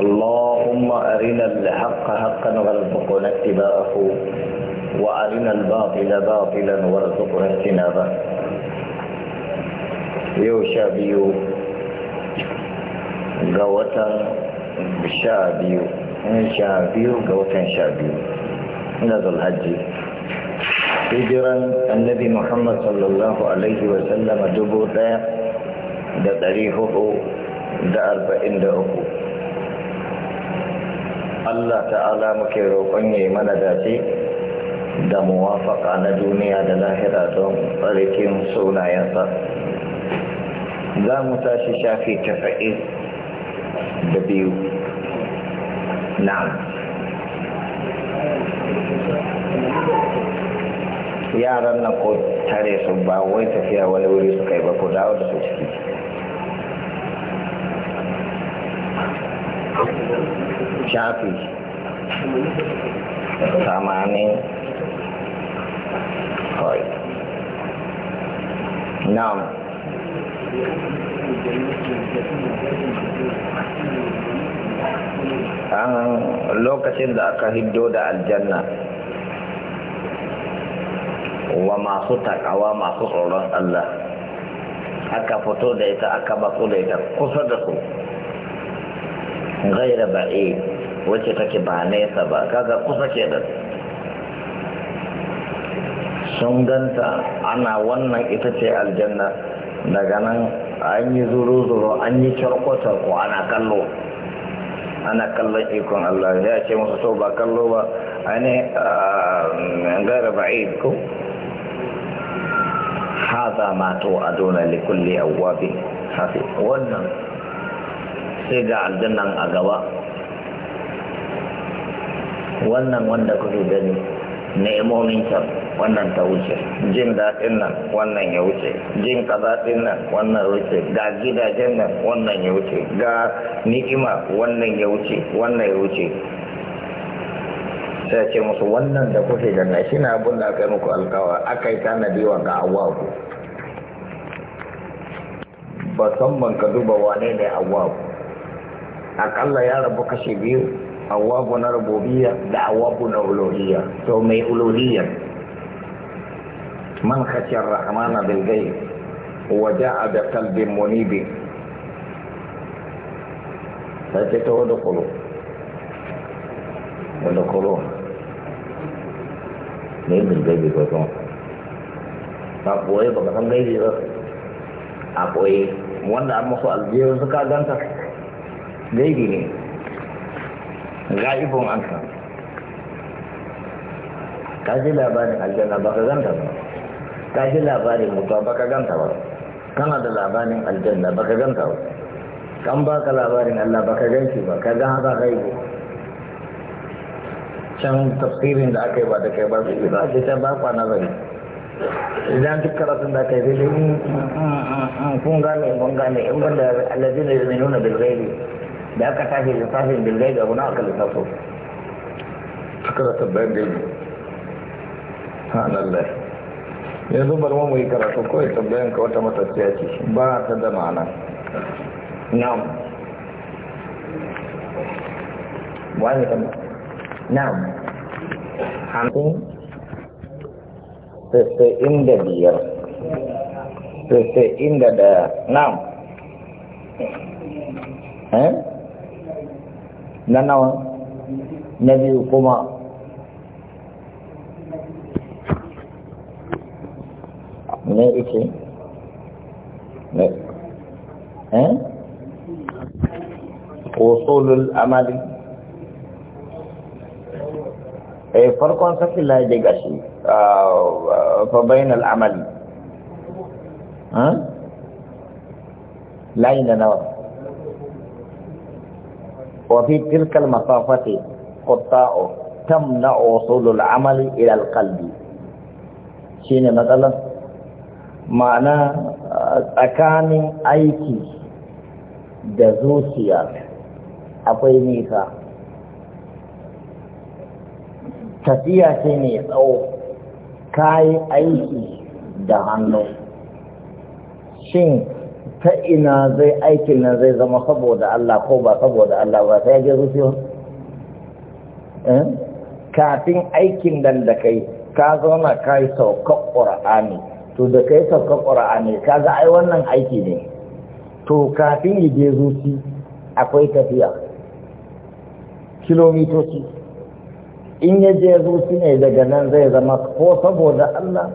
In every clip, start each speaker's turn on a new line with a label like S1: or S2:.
S1: اللهم أرنا الحق حقا وارزقنا اتباعه وأرنا الباطل باطلا وارزقنا اجتنابه يو شابيو غوتا شابيو شابيو غوتا شعبيو نزل الحج هجرا النبي محمد صلى الله عليه وسلم دبوتا دبريهه دا أربعين دا أربعين Allah ta'ala muke roƙon ya yi mana dace da muwafaka na duniya da lahira don tsarkin sunayensa za mu tashi shafi tafa'in da biyu na'am yaran nan ko tare su ba wai tafiya wani wuri suka yi ba ko dawo da su ciki ini tamanin enam na'am lo lokacin da aka hiddo da aljanna wa masu kawa masu tsoron Allah aka fito da ita aka batsu da ita kusa da su gaira ba'i wacce take ba nesa ba kaga kusa ke da sun ganta ana wannan ita ce aljanna daga nan an yi zuru-zuru an yi charko ko ana kallo ana kallon ikon Allah ya ce musu so ba kallo ba A ainihin gara a ko Ha haza mato a dole likulli wabi hafi wannan sai ga aljannan a gaba wannan wanda kuke gani ne'imomin can wannan ta wuce jin daɗin nan wannan ya wuce jin kazaɗin nan wannan ya wuce ga gidajen nan wannan ya wuce ga ni'ima wannan ya wuce wannan ya wuce sai ce musu wannan da kuke ganna shi na abin da aka yi muku alkawa aka yi tanadi wa ga awaku ba san ban ka duba wane ne awaku akalla ya rabu kashe biyu awabu na rububiyya da awabu na uluhiyya to mai uluhiyya man khashiyar rahmana bil ghaib wa ja'a bi qalbin munib sai ta wada kulo wada kulo ne bil ghaib ko to ba boye ba kan gaibi ba a boye wanda an musu aljiyar suka ganta gaibi ne ga'ibun an san ka ji labarin aljanna ba ka ganta ba ka ji labarin mutuwa ba ka ganta ba kana da labarin aljanna ba ka ganta ba kan ba ka labarin Allah ba ka ganci ba ka gan haka gaibu can tafsirin da aka yi ba da kai ba su yi ba ce can ba kwa nazari idan duk karatun da aka yi daidai kun gane kun gane in banda alladina yuminuna bil ghaibi da aka tashi lissafin bilgai da wani aka lissafo aka da tabbayar Ha hannun yanzu bari mu yi karatu kawai tabbayan ka wata matasiya ce ba ta da ma'ana na'am wani kama. na'am hamsin sassa'in da biyar sassa'in da da na'am eh? na nawa na biyu kuma ne ike ne eh usulul amali eh farkon sakin laye daga shi ah, fa bainal amali ha layi na nawa وفي تلك المسافة قطاع تمنع وصول العمل إلى القلب شين مثلا معنى أكان أيكي دزوسيا أقوي نيسا tafiya ce mai tsawo kayi aiki da hannu shin ta ina zai aikin nan zai zama saboda Allah ko ba saboda Allah ba sai ya zuciya eh? kafin aikin nan da kai ka zauna ka yi saukar to da kai saukar ƙura'ani ka ga ai wannan aiki ne to kafin ya je zuci akwai tafiya kilomitoci in ya je zuci ne daga nan zai zama ko saboda Allah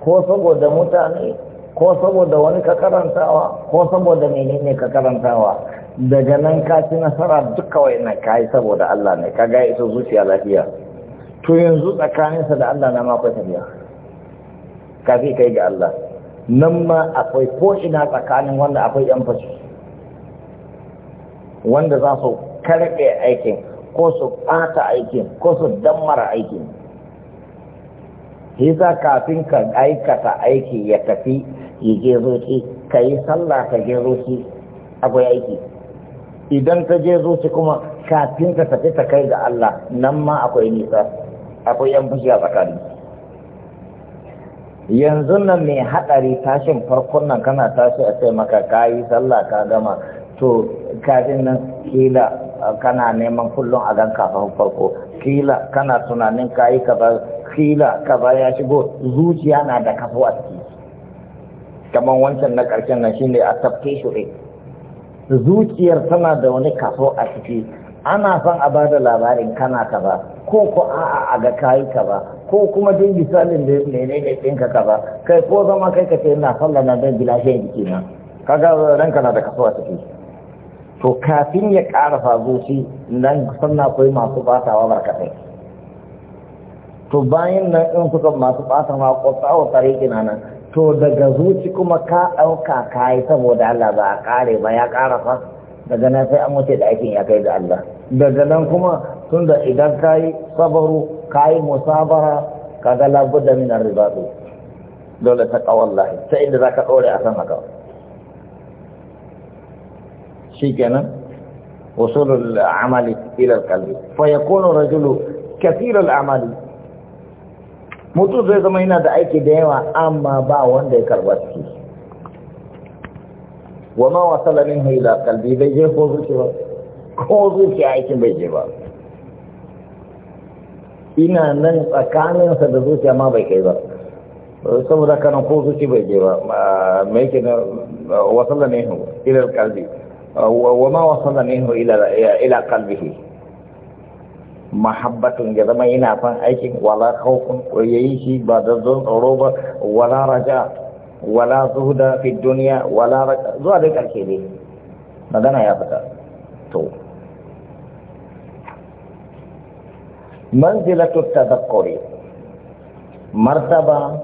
S1: ko saboda mutane ko saboda wani ka karantawa ko saboda menene ka karantawa daga nan ka ci nasara duka ka yi saboda Allah ne ka ga iso zuciya lafiya to yanzu tsakaninsa da Allah na ma akwai tafiya kafi kai ga Allah nan ma akwai ko ina tsakanin wanda akwai yan fashi wanda za su karɓe aikin ko su ɓata aikin ko su dammara aikin yasa kafin ka aikata aiki ya tafi ya je zoci ka yi sallah ka je zoci akwai aiki idan ka je zoci kuma kafin ka tafi ta kai ga Allah nan ma akwai nisa akwai yan fushi a tsakani yanzu nan mai haɗari tashin farkon nan kana tashi a sai maka ka yi sallah ka gama to kafin nan kila kana neman kullum a gan kafin farko kila kana tunanin ka yi kila kaza ya shigo zuciya na da kaso a ciki kamar wancan na ƙarshen nan shine a tafke shi zuciyar tana da wani kaso a ciki ana son a ba da labarin kana kaza ko ko a'a a ga kayi kaza ko kuma dai misalin da ne ne ne ɗinka kaza kai ko zama kai ka ce ina sallah na dan gilashen jiki na kaga ran na da kaso a ciki to kafin ya ƙara fazo shi nan sannan akwai masu batawa barkatai to bayan nan in suka masu ɓata ma kwatsa wa tariki na nan to daga zuci kuma ka ɗauka ka yi saboda Allah ba a ƙare ba ya ƙara fa daga nan sai an wuce da aikin ya kai ga Allah daga nan kuma tun da idan ka yi sabaru ka yi musabara ka ga labudda riba arribatu dole ta ƙawallahi sai inda za ka ɗore a san haka shi kenan wasulul amali ila alqalbi fa Kono rajulu kathirul amali mutum zai zama yana da aiki da yawa amma ba wanda ya karba su wa ma wasala min ila kalbi bai je ko ba ko zuciya aikin bai je ba ina nan tsakaninsa da zuciya ma bai kai ba saboda kanan ko zuci bai je ba mai ke na da ne ila kalbi wa ma da ne ila kalbi. mahabbatun ya zama yana son aikin wala ya yi shi ba da zon tsoro ba wala raja wala zuhuda fi duniya wala zuwa dai karshe ne magana ya fita to tutta tadakkuri martaba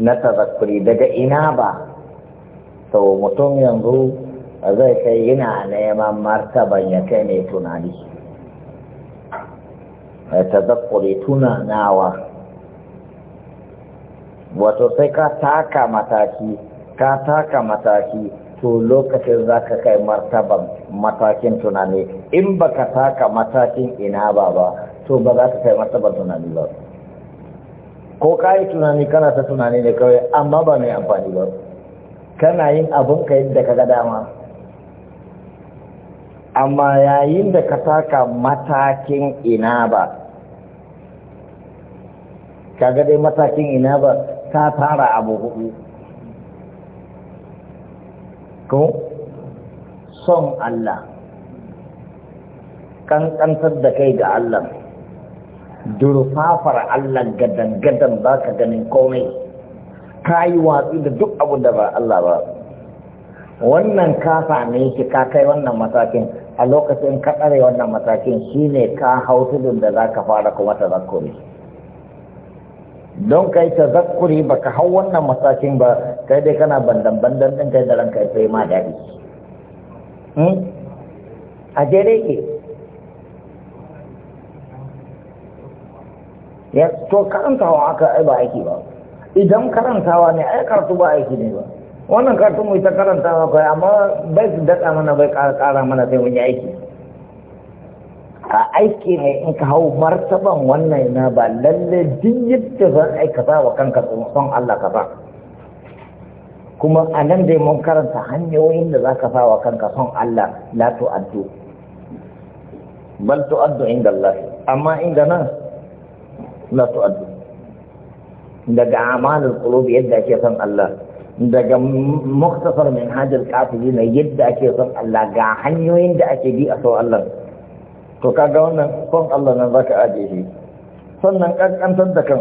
S1: na tazakkuri daga ina ba to mutum yanzu zai kai yana neman martaban ya kai mai tunani tazakkuri nawa. wato sai ka taka mataki ka taka mataki to lokacin za ka kai martaban matakin tunani in ba ka taka matakin ina ba ba to ba za ka kai martaban tunani ba ko ka yi tunani kana ta tunani ne kawai amma ba mai amfani ba kana yin abin ka yadda ka ga dama amma yayin da ka taka matakin ina ba kaga dai matakin ina ba ta tara abu hudu ko son Allah kankantar da kai ga Allah durfafar Allah gadan-gadan ba ka ganin komai ka yi watsi da duk abu da ba Allah ba wannan kafa same shi ka kai wannan matakin a lokacin ka tsare wannan matakin shine ka hau tudun da za ka fara kuma ta tazakkuri don kai tazakkuri ba ka hau wannan matakin ba kai dai kana bandan-bandan ɗin kai da ranka yi ma daɗi hmm? a jere ke ya to karantawa aka ai ba aiki ba idan karantawa ne ai karatu ba aiki ne ba wannan kartun mu ita karanta bakwai, amma bai su daɗa mana bai ƙara mana sai wani aiki a aiki ne in ka hau martaban wannan na ba lalle duk yadda zan aikata wa kanka son Allah ka ba kuma a nan dai mun karanta hanyoyin da za ka sa wa kanka son Allah la tu'addu bal tu'addu inda Allah amma inda nan la tu'addu daga amalul qulubi yadda ake son Allah daga muktasar min hajjar kafiri na yadda ake son Allah ga hanyoyin da ake bi a sau Allah to kaga wannan son Allah nan zaka aje shi sannan kankantar da kan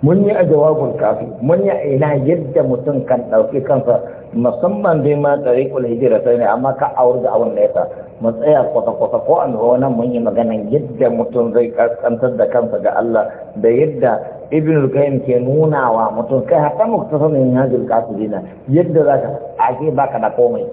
S1: mun yi a jawabin kafi mun yi a ina yadda mutum kan ɗauki kansa musamman dai ma kula hijira sai ne amma ka aure da awon nesa mu tsaya kwata-kwata ko an zuwa nan mun yi maganan yadda mutum zai kaskantar da kansa ga Allah da yadda ibn qayyim ke nuna wa mutum kai hatta muktasamin hajjul qasidina yadda za zaka ake baka da komai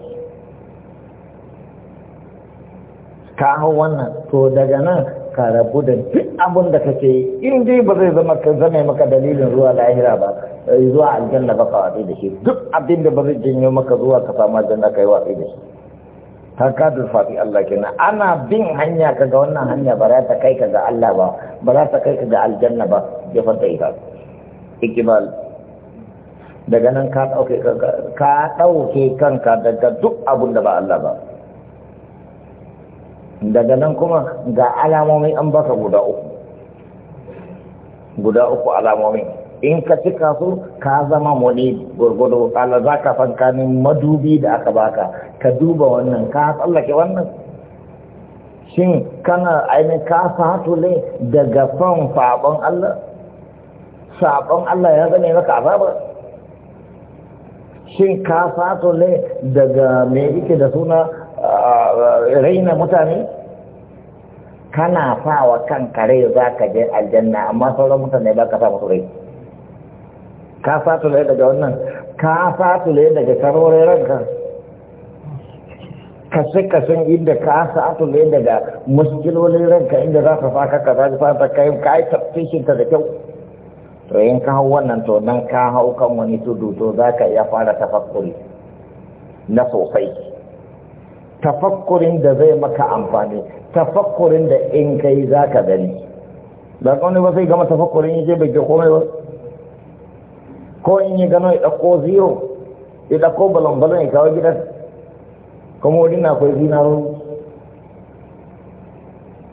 S1: ka hau wannan to daga nan ka rabu da duk abin da kake yi in dai ba zai zama ka zame maka dalilin zuwa lahira ba eh, zuwa aljanna ba ka watsi da shi duk abin da ba zai janyo maka zuwa ka samu aljanna ka yi watsi da shi ta kadar fafi Allah kina ana bin hanya ka ga wannan hanya ba za ta kai ka ga Allah ba ba za ta kai ka ga aljanna ba ya fata ita ikibal daga nan ka ɗauke kanka daga duk abin da ba Allah ba daga nan kuma ga alamomi an baka guda uku guda uku alamomi in ka cika su ka zama wani gurgudu ala za ka fankanin madubi da aka baka ka duba wannan ka tsallake wannan shin kana ainihin ka fato ne daga son faɓon Allah sabon Allah ya zane maka azaba shin ka fato ne daga me yake da suna raina mutane kana fawa kan kare za ka je aljanna amma sauran mutane ba ka sa musu rai ka fato ne daga wannan ka fato ne daga karorin ranka kashe kashen inda ka fato ne daga muskilolin ranka inda za ka fa ka ka za ka fa ka yi kai da kyau to yin kawo wannan to nan ka hau kan wani tudu to za ka iya fara tafakkuri na sosai tafakkurin da zai maka amfani tafakkurin da in kai za ka gani ba kawai ba sai gama tafakkurin yake bai ke komai ba ko in yi gano ya ɗauko zero ya ɗauko balon balon ya kawo gidan kuma wani na kwai zinarori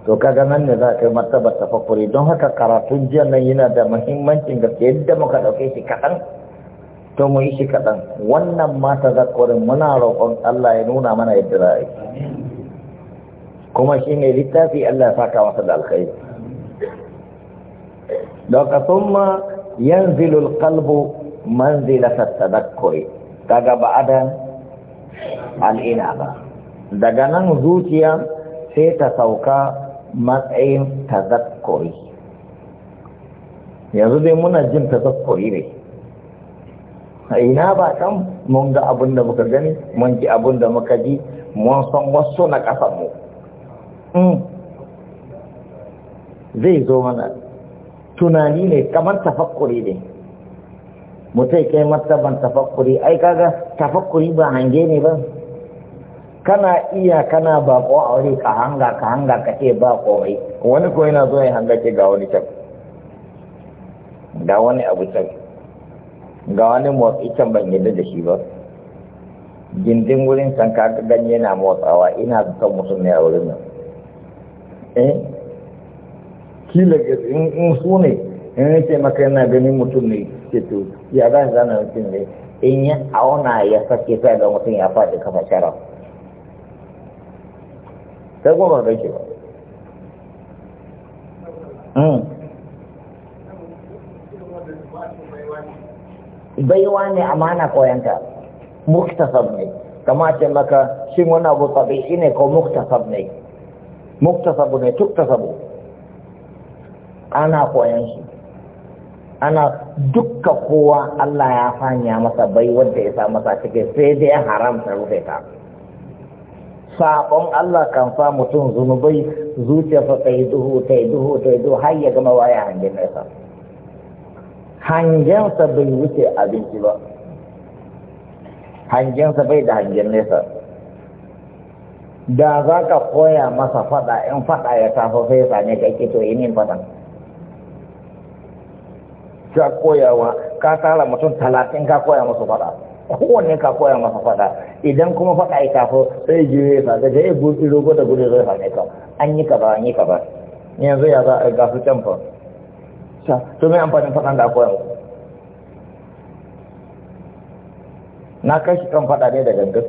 S1: to kaga nan ne za ka yi martabar don haka karatun jiya nan yana da muhimmancin gaske yadda muka ɗauke shi kaɗan to mu yi shi kaɗan wannan mata tazakkurin muna roƙon Allah ya nuna mana yadda za a yi kuma shi ne littafi Allah ya saka masa da alkhairi daga summa yanzilul qalbu manzilatat tadakkuri kaga ba'ada al'ina ba daga nan zuciya sai ta sauka matsayin tazakkuri yanzu dai muna jin tazakkuri ne a ina ba kan mun ga abin da muka gani mun ji abin da muka ji mun san wasu na ƙasanmu hmm. zai zo mana tunani ne kamar tafakkuri ne mutai kai martaban tafakkuri ai kaga tafakkuri ba hange ne ba kana iya kana bako a wuri ka hanga ka hanga ka ce ba kowai wani ko yana zuwa ya hanga ce ga wani can ga wani abu can ga wani motsi can ban yadda da shi ba gindin wurin can ka ganye na motsawa ina san mutum ne a wurin nan eh kila in su ne in ce maka yana ganin mutum ne ce to ya za shi zana mutum ne in ya auna ya sake sai ga mutum ya faɗi kafa sharaf kai goma ba ke ba hmm. baiwa ne amana koyanta mukta sabne kama ce maka shi wani abu shi ne ko mukta sabne ne muktasabu ne sabu ana koyan shi ana dukka kowa Allah ya fanya masa bai wanda ya sa masa cikin sai dai haramta rufe ta sabon Allah kan sa mutum zunubai zuciyarsa ta yi duhu ta yi duhu ta yi duhu har ya gama waya hangen nesa hangensa bai wuce abinci ba hangensa bai da hangen nesa da za ka koya masa fada in fada ya tafi sai same ne ake to yi min fadan ka koyawa ka tara mutum talatin ka koya musu fada kowanne ka koya masa fada idan kuma fada ya kafo sai juye ya da sai gudu rogo da gudu zai fane ka an yi kaza an yi kaza yanzu ya za a su can fa to mai amfanin fadan da koya muku na kai shi kan fada ne da gangan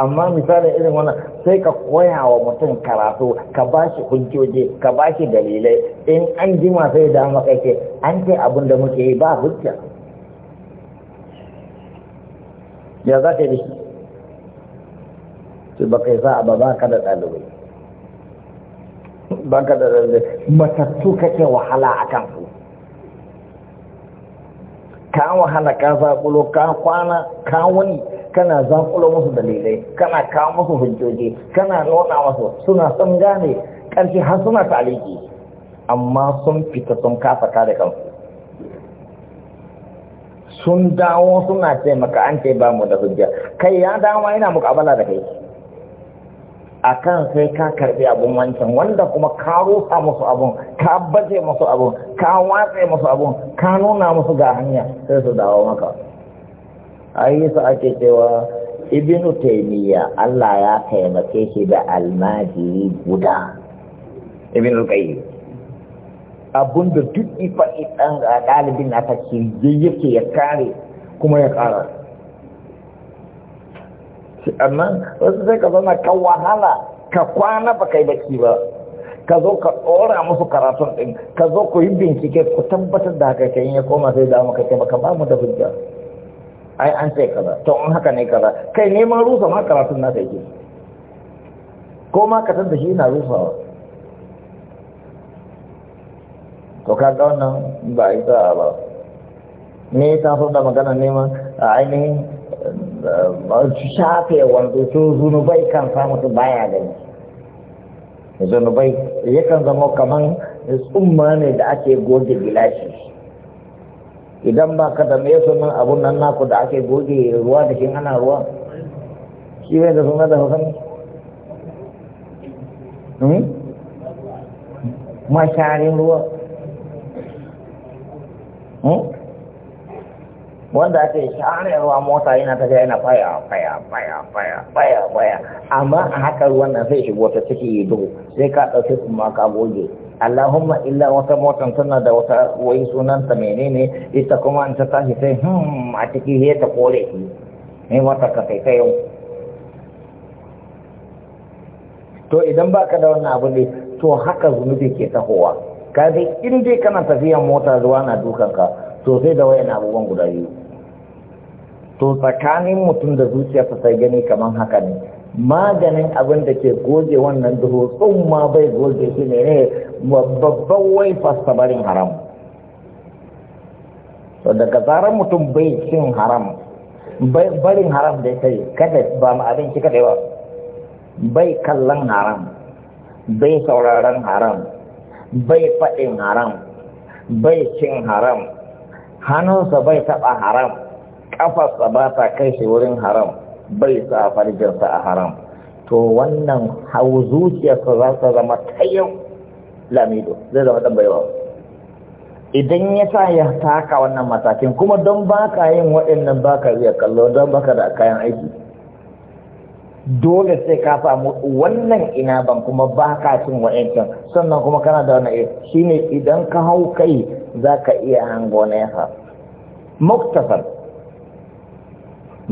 S1: amma misalin irin wannan sai ka koya wa mutum karatu ka ba shi hujjoji ka ba shi dalilai in an jima sai da maka ce an ce abin da muke yi ba hujja ya za ta yi su baka yi sa'a ba ba ka da ɗalibai ba ka da ɗalibai matattu kake wahala a kan su ka wahala ka zaƙulo ka kwana ka wani kana zaƙulo musu dalilai kana kawo musu hujjoji kana nuna musu suna sun gane ƙarfi har suna taliki amma sun fita sun kafa da kansu sun dawo suna ce maka an ce ba mu da hujja kai ya dawo yana mukabala da kai A kan sai ka karbi abun wancan wanda kuma ka rusa musu abun ka baje musu abun ka watse musu abun ka nuna musu ga hanya sai su dawo maka ayi su ake cewa Ibinu taimiyya Allah ya taimake shi da almajiri guda Ibinu kai. abun da duk ifa ɗan ɗalibin na ta ke yake ya kare kuma ya ƙara amma wasu sai ka zama ka wahala ka kwana ba kai baki ba ka zo ka ɗora musu karatun ɗin ka zo ku yi bincike ku tabbatar da haka kan ya koma sai damu ka ce baka ba mu da hujja ai an sai kaza to in haka ne kaza kai neman rusa ma karatun na ta yake ko ma ka da shi yana rusawa to kaga wannan ba a yi sa'a ba ne ta so da magana neman a ainihin eh, eh, shafe wanda su zunubai kan samu su baya gani zunubai yakan zama kaman tsumma ne da ake goge gilashi idan ba ka da mai sunan abun nan naku da ake goge ruwa da shi ana ruwa shi ne da suna da hausa hmm? masharin ruwa wanda ake sha'arewa mota yana ta ga yana faya faya faya faya faya faya amma a haka wannan sai shigo ta ciki ya dubu sai ka ɗauki kuma ka goge Allahumma illa wata motan tana da wata wai sunanta menene ita kuma an ta tashi sai hmm a ciki ya ta kore ki ne mata ka kai kai to idan baka da wannan abu ne to haka zunubi ke tahowa ka in dai kana tafiya mota zuwa na dukan ka to sai da wayan abubuwan guda biyu to tsakanin mutum da zuciyarsa sai gani kaman haka ne maganin abin da ke goge wannan duhu tsun ma bai goge shi ne ne babban wai barin haram to daga zarar mutum bai cin haram barin haram da kai kada ba ma abinci kada ba bai kallon haram bai sauraron haram bai faɗin haram bai cin haram hannunsa bai taɓa haram ƙafarsa ba ta kai shi wurin haram bai sa farjinsa a haram to wannan hau zuciyarsa za ta zama ta yau lamido zai zama ɗan baiwa idan ya sa ya taka wannan matakin kuma don baka yin waɗannan baka zai kallo don baka da kayan aiki dole sai ka samu wannan ina ban kuma ba ka cin wa'ancan sannan kuma kana da wani Shi ne idan ka hau kai za ka iya hango na yasa muktasar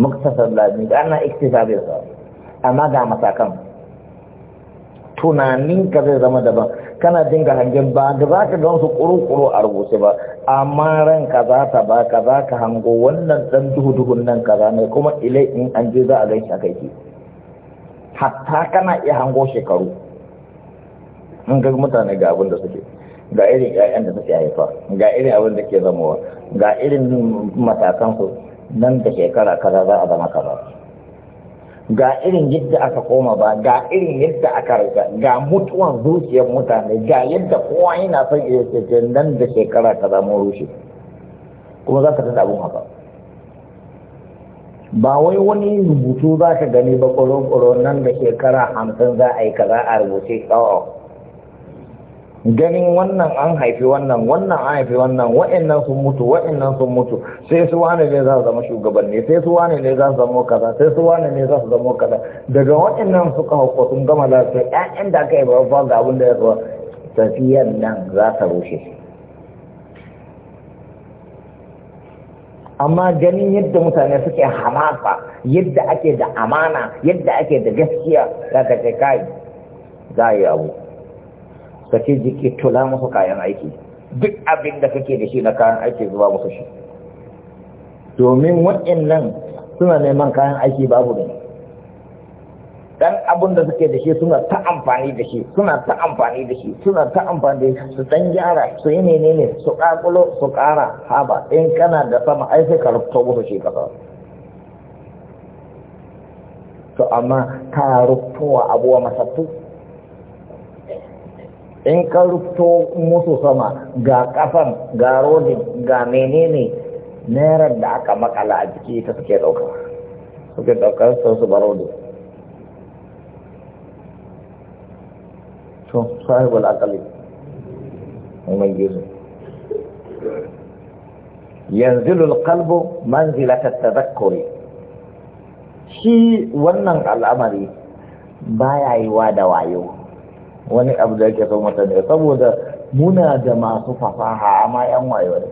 S1: muktasar lalmi da ana bai sa amma ga matakan tunaninka zai zama daban kana dinga hangen ba da za ka gansu kuru-kuru a rubuce ba amma ka za ta ba ka za ka hango wannan ɗan duhu-duhun nan ka ne kuma ilai in an je za a gan shi a kai hatta kana iya hango shekaru in ga mutane ga abin da suke ga irin ƴaƴan da suke haifa ga irin abin da ke zamowa ga irin matakansu nan da shekara kaza za a zama kaza ga irin yadda aka koma ba ga irin yadda aka rasa ga mutuwan zuciyar mutane ga yadda kowa yana son iya ce nan da shekara kaza mun rushe kuma za ka tada abin haka ba wai wani rubutu za ka gani ba ƙoro nan da shekara hamsin za a yi kaza a rubuce tsawo oh. ganin wannan an haifi wannan wannan an haifi wannan wa'annan sun mutu wa'annan sun mutu sai su wane ne za su zama shugabanni sai su wane ne za su zama kaza sai su wane ne za su zama kaza daga wa'annan suka hauko sun gama lafiya ƴaƴan da aka yi ba ga abin da ya zuwa tafiyar nan za ta rushe amma ganin yadda mutane suke hamasa yadda ake da amana yadda ake da gaskiya za ka ce kai za a yi abu ka ce jiki tula musu kayan aiki duk abin da kake da shi na kayan aiki zuba musu shi domin waɗannan suna neman kayan aiki babu ne dan abun da suke da shi suna ta amfani da shi suna ta amfani da shi suna ta amfani da shi su dan gyara su yi menene su kakulo su kara haba in kana da sama ai sai ka rubuta musu shi kasa to amma ka wa abuwa masattu in ka rubuto musu sama ga kafan ga rodin ga menene naira da aka makala a jiki ta suke ɗauka suke ɗaukar sau su baro to sahibul aqali mai gizo yanzilu alqalbu manzilata tadhakkuri shi wannan al'amari baya yi wa da wayo wani abu da yake so ne saboda muna da masu fasaha amma yan wayo ne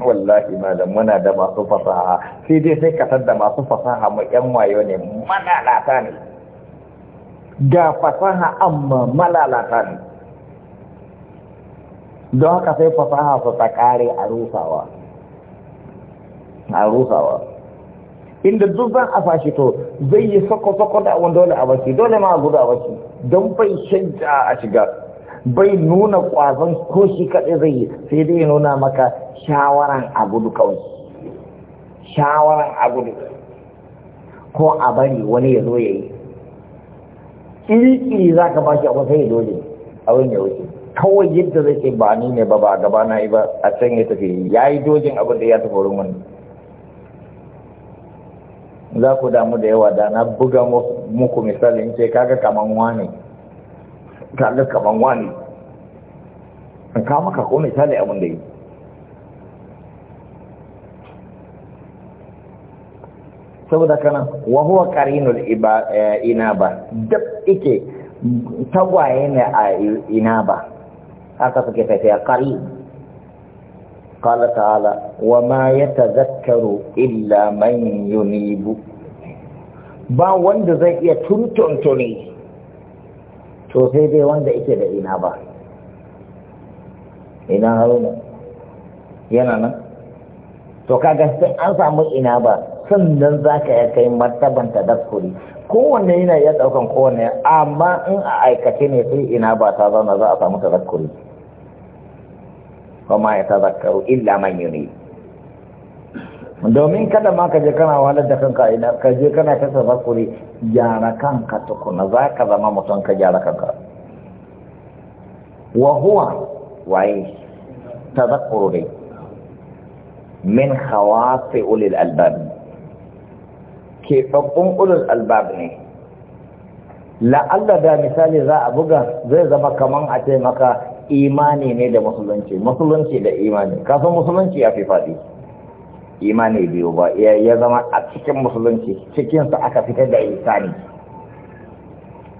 S1: wallahi malam muna da masu fasaha sai dai sai ka da masu fasaha mu yan wayo ne malalata ne ga fasaha amma malalata ne don haka sai fasaha su ta kare a rusawa a rusawa inda duk zan a fashe to zai yi sako-sako da abin dole a baki dole ma a gudu a baki don bai shanta a shiga bai nuna kwazon ko shi kaɗai zai yi sai dai nuna maka shawaran a gudu kawai shawaran a gudu ko a bari wani ya zo ya yi kirki za ka ba shi a wata dole abin ya wuce kawai yadda zai ce ba ni ne ba ba gaba na yi ba a can ya tafi ya yi dojin abin da ya tafi wurin wani za ku damu da yawa da na buga muku misalin ce kaga kaman wani kaga kaman wani kama ka ko misali abin da yi saboda kana wa karinul qarinul eh, inaba duk ike tagwaye ne a inaba haka suke tafiya qarin qala ta'ala wa ma ya yatazakkaru illa man yunibu ba wanda zai iya tuntuntuni to sai dai wanda ike da inaba ina haruna yana nan to kaga sai an samu inaba sannan za ka ya kai martaban tadakkuri kowanne yana ya daukan kowanne amma in a aikace ne sai ina ba ta zauna za a samu tadakkuri kuma ya zakaru illa man yuni domin kada ma ka je kana wahalar da kanka ina ka je kana ta tazakuri gyara kanka tukuna za ka zama mutum ka gyara kanka wa huwa waye tazakkuru dai min khawasi ulil albab ke babban ulul albab ne la'alla da misali za a buga zai zama kaman a ce maka imani ne da musulunci musulunci da imani kafa musulunci ya fi faɗi imani biyu ba ya zama a cikin musulunci cikinsa aka fitar da insani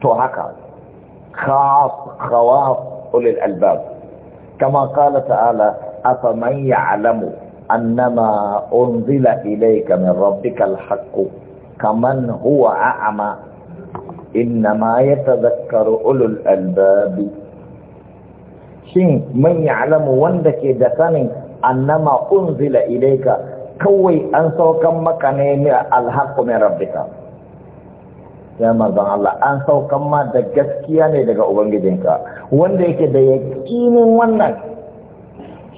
S1: to haka khas khawas ulil albab kama kala ta'ala afa afaman ya'lamu annama unzila ilayka min rabbikal haqq kaman huwa a'ama innama yatadhakkaru ulul albabi? shin man ya'lamu wanda ke da sanin annama unzila ilayka kawai an saukan maka ne ne alhaku min rabbika ya manzon Allah an saukan ma da gaskiya ne daga ubangijinka wanda yake da yakinin wannan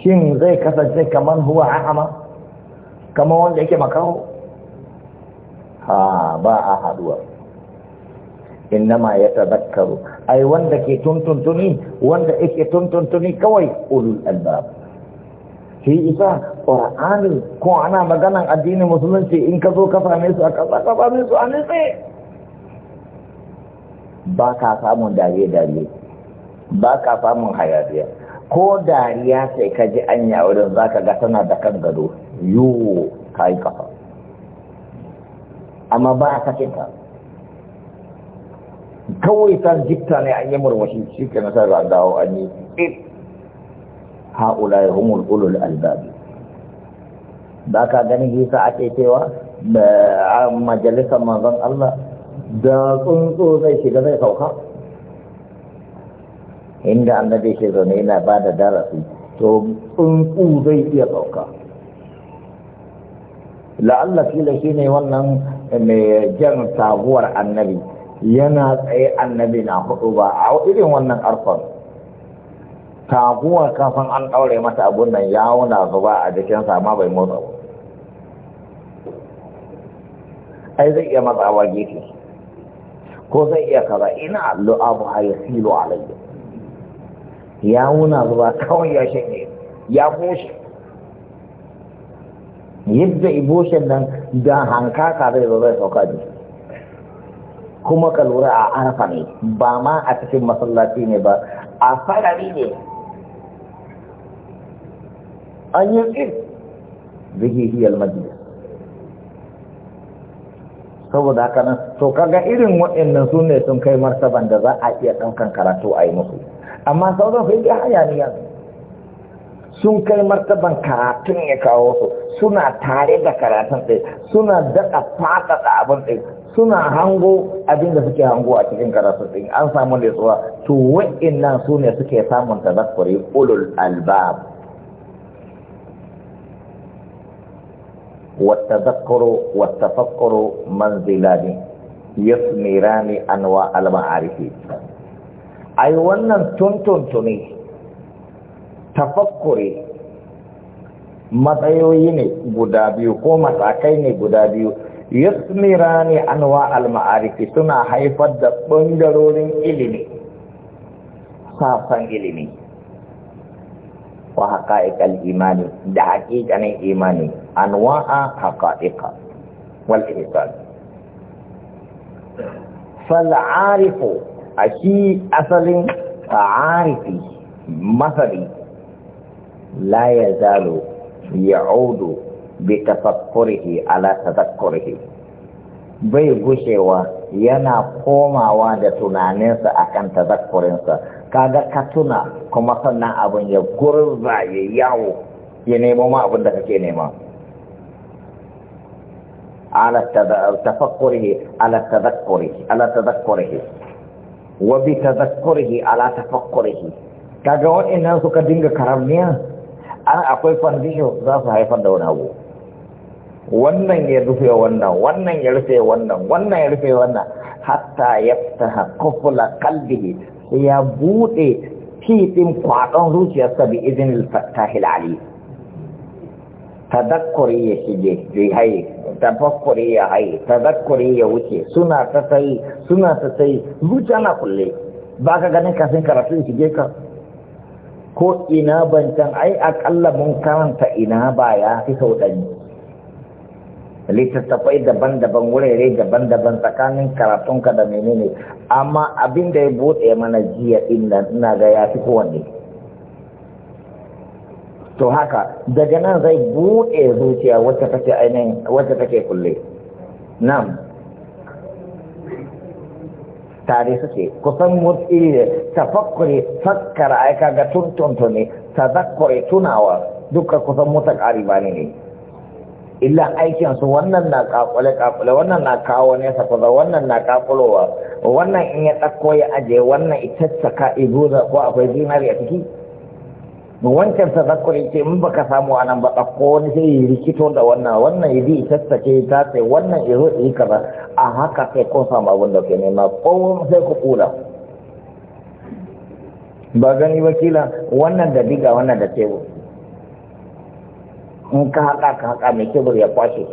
S1: shin zai kasance kaman huwa a'ama kamar wanda yake makaho ha ba a haduwa innama ya tabakkaru ai wanda ke tuntuntuni wanda yake tuntuntuni kawai ulul albab shi isa qur'ani ko ana maganan addinin musulunci in ka zo ka same su a kasa ka mai su a nitse ba ka samun dariya dariya ba ka samun hayaniya ko dariya sai ka ji anya wurin zaka ga tana da kan gado yo ka yi kafa amma ba a kashe ta kawai ta jikta ne an yi murmushi shi ke nasar da dawo an yi ɗin ha'ula ya humul ulul albabi ba ka ganin hisa ake cewa da majalisar manzon Allah da tsuntsu zai shiga zai sauka inda annabi shi zaune yana ba da darasi to tsuntsu zai iya sauka la'alla kila shi ne wannan mai jan sabuwar annabi yana tsaye annabi na hudu ba a irin wannan arfan taguwar kafin an ɗaure mata abun nan ya wuna zuba a jikinsa amma bai motsa ba ai zai iya matsawa gefe ko zai iya kaza ina abu a ya a alayya ya wuna zuba kawai ya shanye ya bushe yadda iboshin nan da hankaka zai zo zai sauka jiki kuma ka lura a arafa ne ba ma a cikin masallaci ne ba a farari ne an yi tsir zihihiyar madina saboda haka nan to kaga irin waɗannan su ne sun kai martaban da za a iya ɗaukan karatu a yi musu amma sauran haya ne yanzu sun kai martaban karatun ya kawo su suna tare da karatun ɗaya, suna daɗa faɗaɗa abin ɗai suna hango abin da suke hango a cikin karatun ɗin an samu nutsuwa to nan su ne suke samun tazakkuri ulul albab والتذكر والتفكر an wa alama المعارف ai wannan tuntuntuni tafakkuri matsayoyi ne guda biyu ko matakai ne guda biyu yasmira ne anwa al-ma'arifi suna haifar da ɓangarorin ilimi safan ilimi wa haƙa'iƙa imani da haƙiƙanin imani anwa'a haƙa'iƙa wal ihsan fal arifu a shi asalin arifi masari la ya يعود بتفكره bi tafakkurihi ala bai gushewa yana komawa da tunaninsa a kan tazakkurinsa kaga ka tuna kuma sannan abin ya gurza ya yawo ya nemo ma abin da kake nema ala تفكره على تذكره على تذكره ala tafakkurihi. kaga waɗannan suka dinga karamniya an akwai fandisho za su haifar da wani abu wannan ya rufe wannan wannan ya rufe wannan wannan ya rufe wannan hatta ya fita kufula kalbi ya bude titin kwadon zuciyarsa bi izinin fattahil ali tadakkuri ya shige bi haye tafakkuri ya haye tadakkuri ya wuce suna ta sai suna ta sai zuciya na kulle ba ka ganin kafin karatu shige ka ko ina bancan ai akalla mun karanta ina ba ya fi sau ɗari littattafai daban-daban wurare daban-daban tsakanin karatunka da menene amma abin da ya buɗe mana jiya inda na ga ya fi kowanne to haka daga nan zai buɗe zuciya wacce take kulle na'am tare suke kusan mutsi da fakkure fakkara aika ga tuntuntu ne tazakkure tunawa duka kusan mutan ƙariba ne ne illa aikin su wannan na kakule kakule wannan na kawo nesa kusa wannan na kakulowa wannan in ya ɗakko ya ajiye wannan ita saka ibuza ko akwai zinari a ciki wancan tazakkuri ce in baka samu a nan ba ɗauko wani sai yi rikito da wannan wannan ya ji tattake ta ce wannan ya zo yi kaza a haka sai kun samu abin da ke nema ko sai ku kula ba gani wakila wannan da diga wannan da tebur in ka haka ka haka mai tebur ya kwashe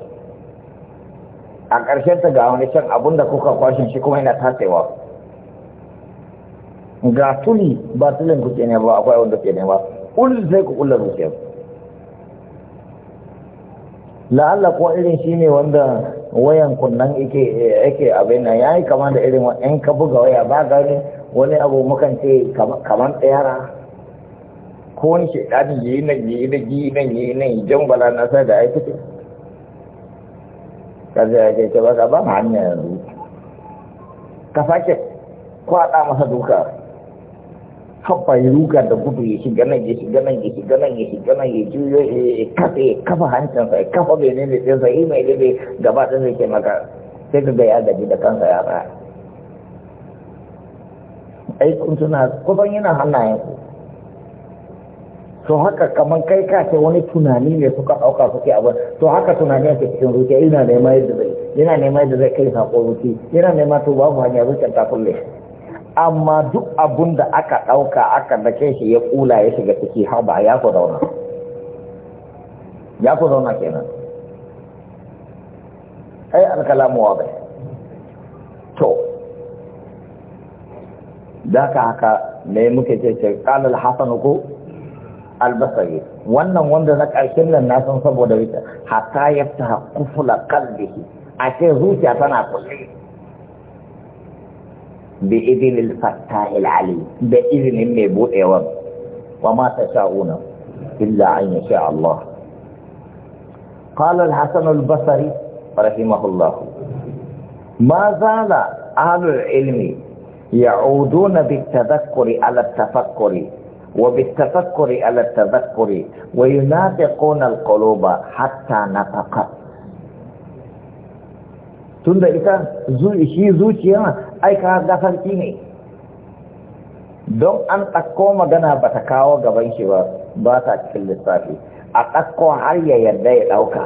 S1: a ƙarshen ta ga wani can abin da kuka kwashe shi kuma yana tasewa ga tuli ba tulin kuke ne ba akwai wanda ke ne ba kul sai ku ƙulla zuciyar la'alla ko irin shi ne wanda wayan kunnan yake abin nan ya yi kama da irin in ka buga waya ba gani wani abu mukan ce kamar tsayara ko wani shaidani ya yi nan ya yi nan ya yi nan ya yi nan jan bala na sa da aikata kaza ya ce ba ka ba hanya yanzu ka sake kwada masa duka haffa yi ruga da gudu ya shiga nan ya shiga nan ya shiga nan ya shiga nan ya juyo ya kafa ya kafa hancinsa ya kafa bene ne ɗinsa yi mai lebe gaba ɗin zai ke maka sai ka ga ya gaji da kansa ya tsaya ai kun tuna kusan yana hannayen ku to haka kamar kai ka ce wani tunani ne suka ɗauka suke abin to haka tunani ake cikin zuciya yana neman yadda zai yana neman yadda zai kai sako zuci yana neman to babu hanya zuciyar ta kulle amma duk abun da aka ɗauka aka da shi ya ƙula ya shiga ciki har ba ya ku zauna ya ku zauna kenan ai alkalamu wa bai to da ka haka me muke ce ce kalal hasan ko albasari wannan wanda na ƙarshen nan na san saboda wita hatta ya ta kufula kalbihi a ce zuciya tana kulle بإذن الفتاح العليم بإذن النبوء وب وما تشاءون إلا أن يشاء الله قال الحسن البصري رحمه الله ما زال أهل العلم يعودون بالتذكر على التفكر وبالتفكر على التذكر وينافقون القلوب حتى نفقت tunda ita shi zuciya ai ka ki ne don an ɗakko magana ba ta kawo gaban shi ba ba ta cikin lissafi a ɗakko har ya yarda ya ɗauka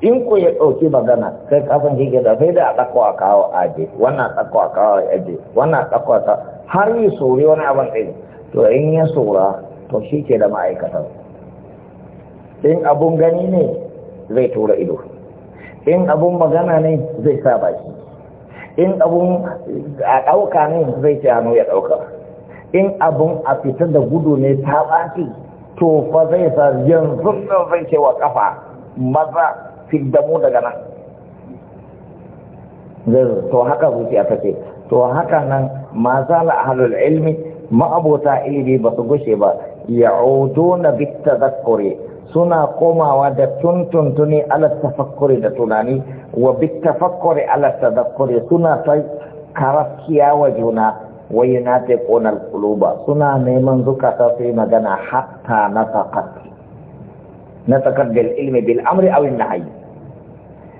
S1: in ku ya ɗauki magana sai kafin shi ke da sai da a ɗakko a kawo aje wannan ɗakko a kawo aje wannan ɗakko a har yi sori wani abin ɗin to in ya sora to shi ke da ma'aikatar in abun gani ne zai tura ido in abun magana ne zai sa baki in abun a ɗauka ne zai ce hannu ya ɗauka in abun a fitar da gudu ne ta ɓaci to fa zai sa yanzu zai ce wa ƙafa maza fidda damu daga nan to haka zuciya take to haka nan ma a halar ilmi ma'abota ilimi ba su gushe ba na bitta tadhakkuri suna komawa da tuntuntuni ala tafakkuri da tunani wa bi tafakkuri ala tadakkuri suna ta karaskiya wa juna wa yunate qonal quluba suna neman zukata su yi magana hatta na nataqat bil ilmi bil amri aw in nahy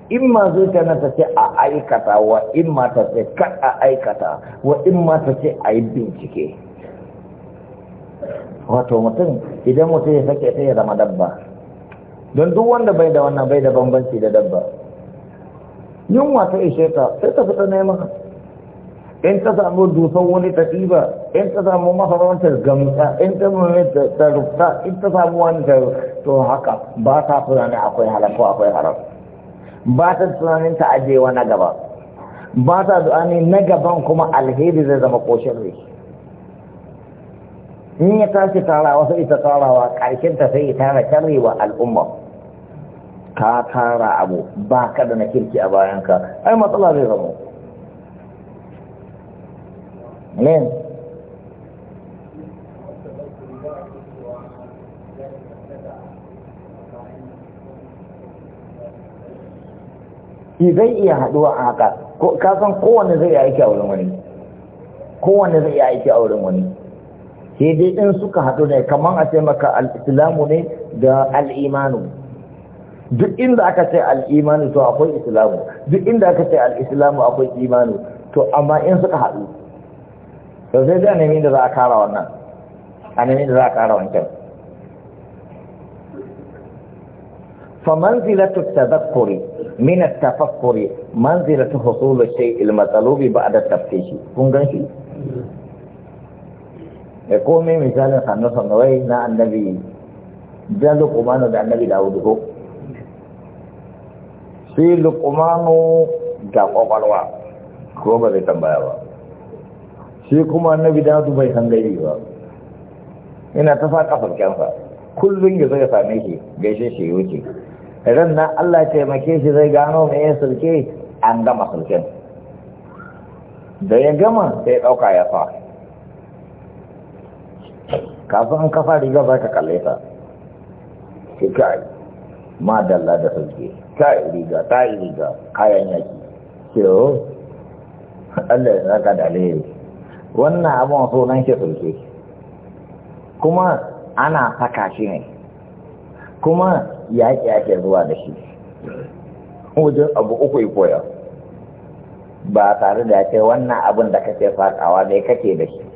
S1: imma na ta ce a aikata wa imma ta ce ka a aikata wa imma ta ce a yi bincike wato mutum idan mutum ya sake ta ya zama dabba don duk wanda bai da wannan bai da bambanci da dabba yunwa ta ishe ta, sai ta fita neman in ta samu dusan wani ta ɗiba in ta samu masarautar gamsa in ta samu ta rufta in ta samu wani ta to haka ba ta tunanin akwai halakko akwai haram ba ta tunanin ta ajewa na gaba ba ta tunanin na gaban kuma alheri zai zama ko shirri in ya tashi tara wasu ita tarawa ƙarshen sai ita na sharri wa al'umma ka tara abu ba ka da na kirki a bayanka ai matsala zai zama Amen. Shi zai iya haduwa a haka, kasan kowane zai aiki a wurin wani, kowane zai aiki a wurin wani. sai dai in suka haɗu ne kamar a ce maka al'islamu ne da al'imanu duk inda aka ce al'imanu to akwai islamu duk inda aka ce al'islamu akwai imanu to amma in suka haɗu to sai zai nemi da za a kara wannan a nemi da za a kara wancan فمنزلة التذكر من التفكر منزلة حصول الشيء المطلوب بعد التفتيش kun ganshi? E komai misalin sannu wai na annabi jan lukumanu da annabi dawudu ko sai lukumanu da kwakwalwa ko ba zai tambaya ba Sai kuma annabi dawudu bai san gari ba ina ta faɗa farkensa kullum ya zai same shi gaishe shi wuce ran na Allah taimake shi zai gano mai yin sulke an gama sulken da ya gama sai ɗauka ya fa kafin an kafa riga ba ka kalle ta sai kai ma dalla da sauke ta yi riga ta yi riga kayan yaki ce o Allah ya zaka da alheri wannan abin sunan shi sauke kuma ana saka shi ne kuma yaƙi ake zuwa da shi wajen abu uku yi koya ba tare da ya ce wannan abin da kake sakawa ne kake da shi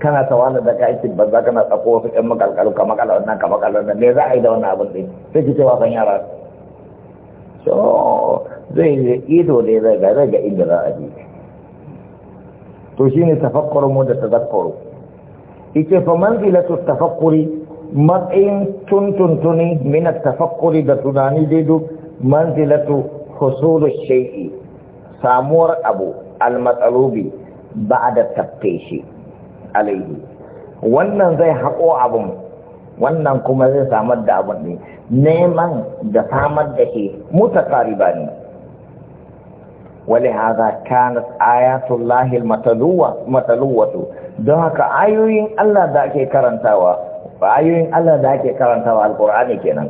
S1: kana wani da aiki ba za na tsako wasu ƴan makalkalu ka makala wannan ka makala wannan me za a yi da wannan abin ɗin sai ki ce wasan yara so zai yi ido da zai ga zai ga inda za a je to ne tafakkur mu da tazakkur ike fa manzilatu tafakkuri matsayin tuntuntuni min tafakkuri da tunani daidu manzilatu husulu shay'i samuwar abu al-matsalubi ba'da tafkishi alaihi wannan zai haƙo abun wannan kuma zai samar da abun ne neman da samar da ke mutakariba ne wale haza kanat ayatullahi mataluwatu don haka ayoyin Allah da ake karantawa ayoyin Allah da ake karantawa ne kenan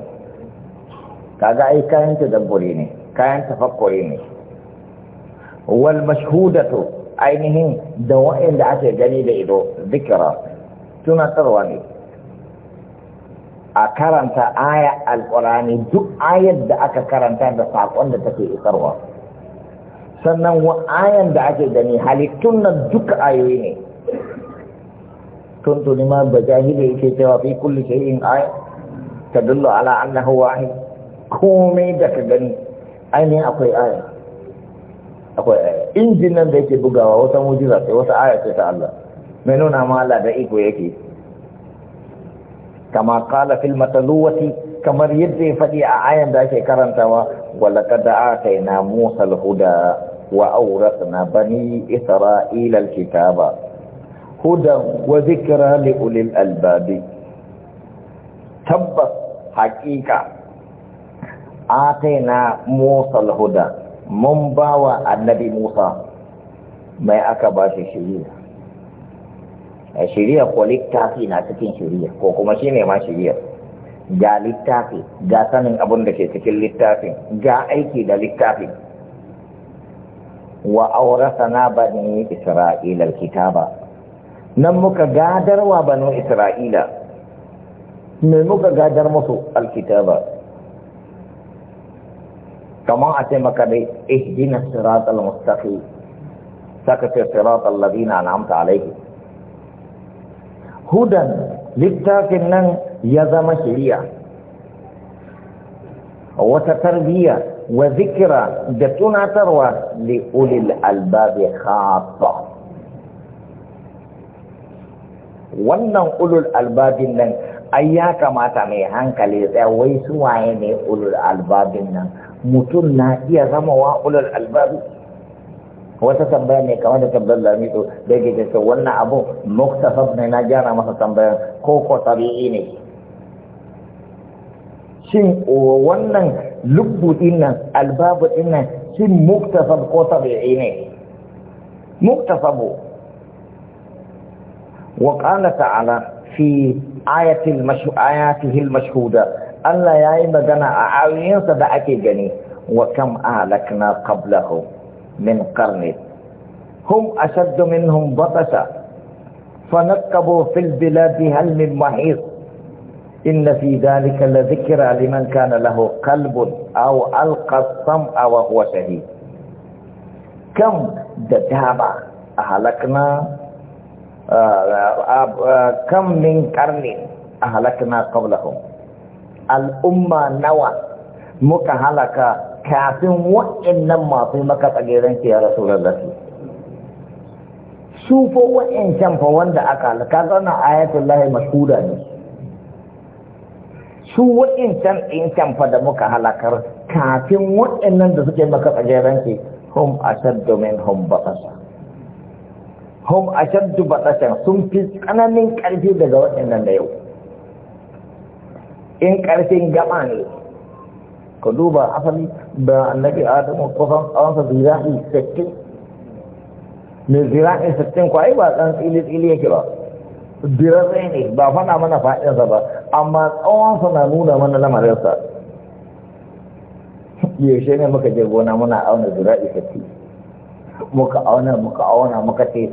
S1: kaga ai kayan tadabburi ne kayan tafakkuri ne wal mashhudatu ainihin da wa'inda ake gani da ido zikira tunatarwa ne a karanta aya alƙurani duk ayar da aka karanta da saƙon da take isarwa sannan wa ayan da ake gani halittun nan duka ayoyi ne tuntuni ma ba jahili yake cewa fi kulli shay'in ta tadullu ala annahu wahid komai da ka gani ainihin akwai aya akwai eh, nan da yake bugawa wata mujiza sai wata aya ce ta Allah mai nuna da iko yake kama qala fil mataluwati kamar yadda ya faɗi a ayan da ake karantawa walaqad atayna musa al-huda wa awrasna bani isra'ila al-kitaba hudan wa dhikra li ulil albabi tabbas haqiqa atayna musa huda mun ba wa annabi musa mai aka ba shi shiriya shiriya ko littafi na cikin shiriya ko kuma shi ne ma shiriya ga littafi ga sanin abin da ke cikin littafi ga aiki da littafi. wa aurasana bani isra'ila kitaba. nan muka gadarwa bani isra'ila me muka gadar musu alkitaba جماعت مکبے اس دین صراط المستقی سکت صراط اللذین آنامت علیہ ہودن لکتا کنن یزم شریع و تتربیع و ذکر جتون اتروا لئولی الالباب خاطا wannan أولي albabin nan ayyaka mata mai hankali da wai أولي ne ulul mutum na iya zama wa ulul albabi wata tambaya ne kamar da tambayar lamido da yake ce wannan abu muktasab ne na gyara masa tambayar ko ko tabi'i ne shin wannan lubbu dinnan albabu dinnan shin muktasab ko tabi'i ne muktasabu wa qala ta'ala fi ayatil mashu ayatihi al mashhuda Allah ya yi magana a ayoyinsa da ake gani wa kam ahlakna هم min qarni hum ashaddu minhum batasha فنقبوا في البلاد هل من محيط إن في ذلك لذكرى لمن كان له قلب أو ألقى السمع وهو شهيد كم دجابة أهلكنا كم من قرن أهلكنا قبلهم al'umma nawa muka halaka kafin nan masu maka tsageren ke ya rasu su fa wa’in fa wanda aka halaka zana ayatul lahi mashhuda ne su wa'ancan in fa da muka halakar kafin nan da suke maka tsageren ke hum ashaddu hum batasa hum ashaddu batasan sun fi tsananin ƙarfi daga nan da yau in ƙarfin gama ne ka duba asali da annabi adamu kusan tsawonsa zira'i sittin mai zira'i sittin kwaye ba ɗan tsili-tsili yake ba birarre ne ba fana mana fa'idansa ba amma tsawonsa na nuna mana lamarinsa yaushe ne muka je gona muna auna zira'i sittin muka auna muka auna muka ce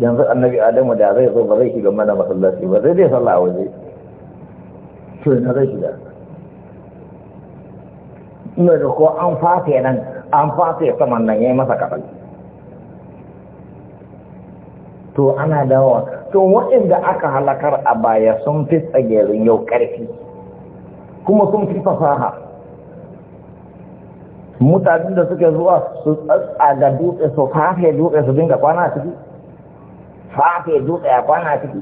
S1: yanzu annabi adamu da zai zo ba zai shiga mana masallaci ba zai zai sallah a waje to na rashi da ina da ko an fafe nan an fafe saman nan ya yi masa kaɗan to ana dawowa to waɗanda aka halakar a baya sun fi tsagerin yau ƙarfi kuma sun fi fasaha mutanen da suke zuwa su da dutse su fafe dutse su dinga kwana ciki fafe dutse a kwana ciki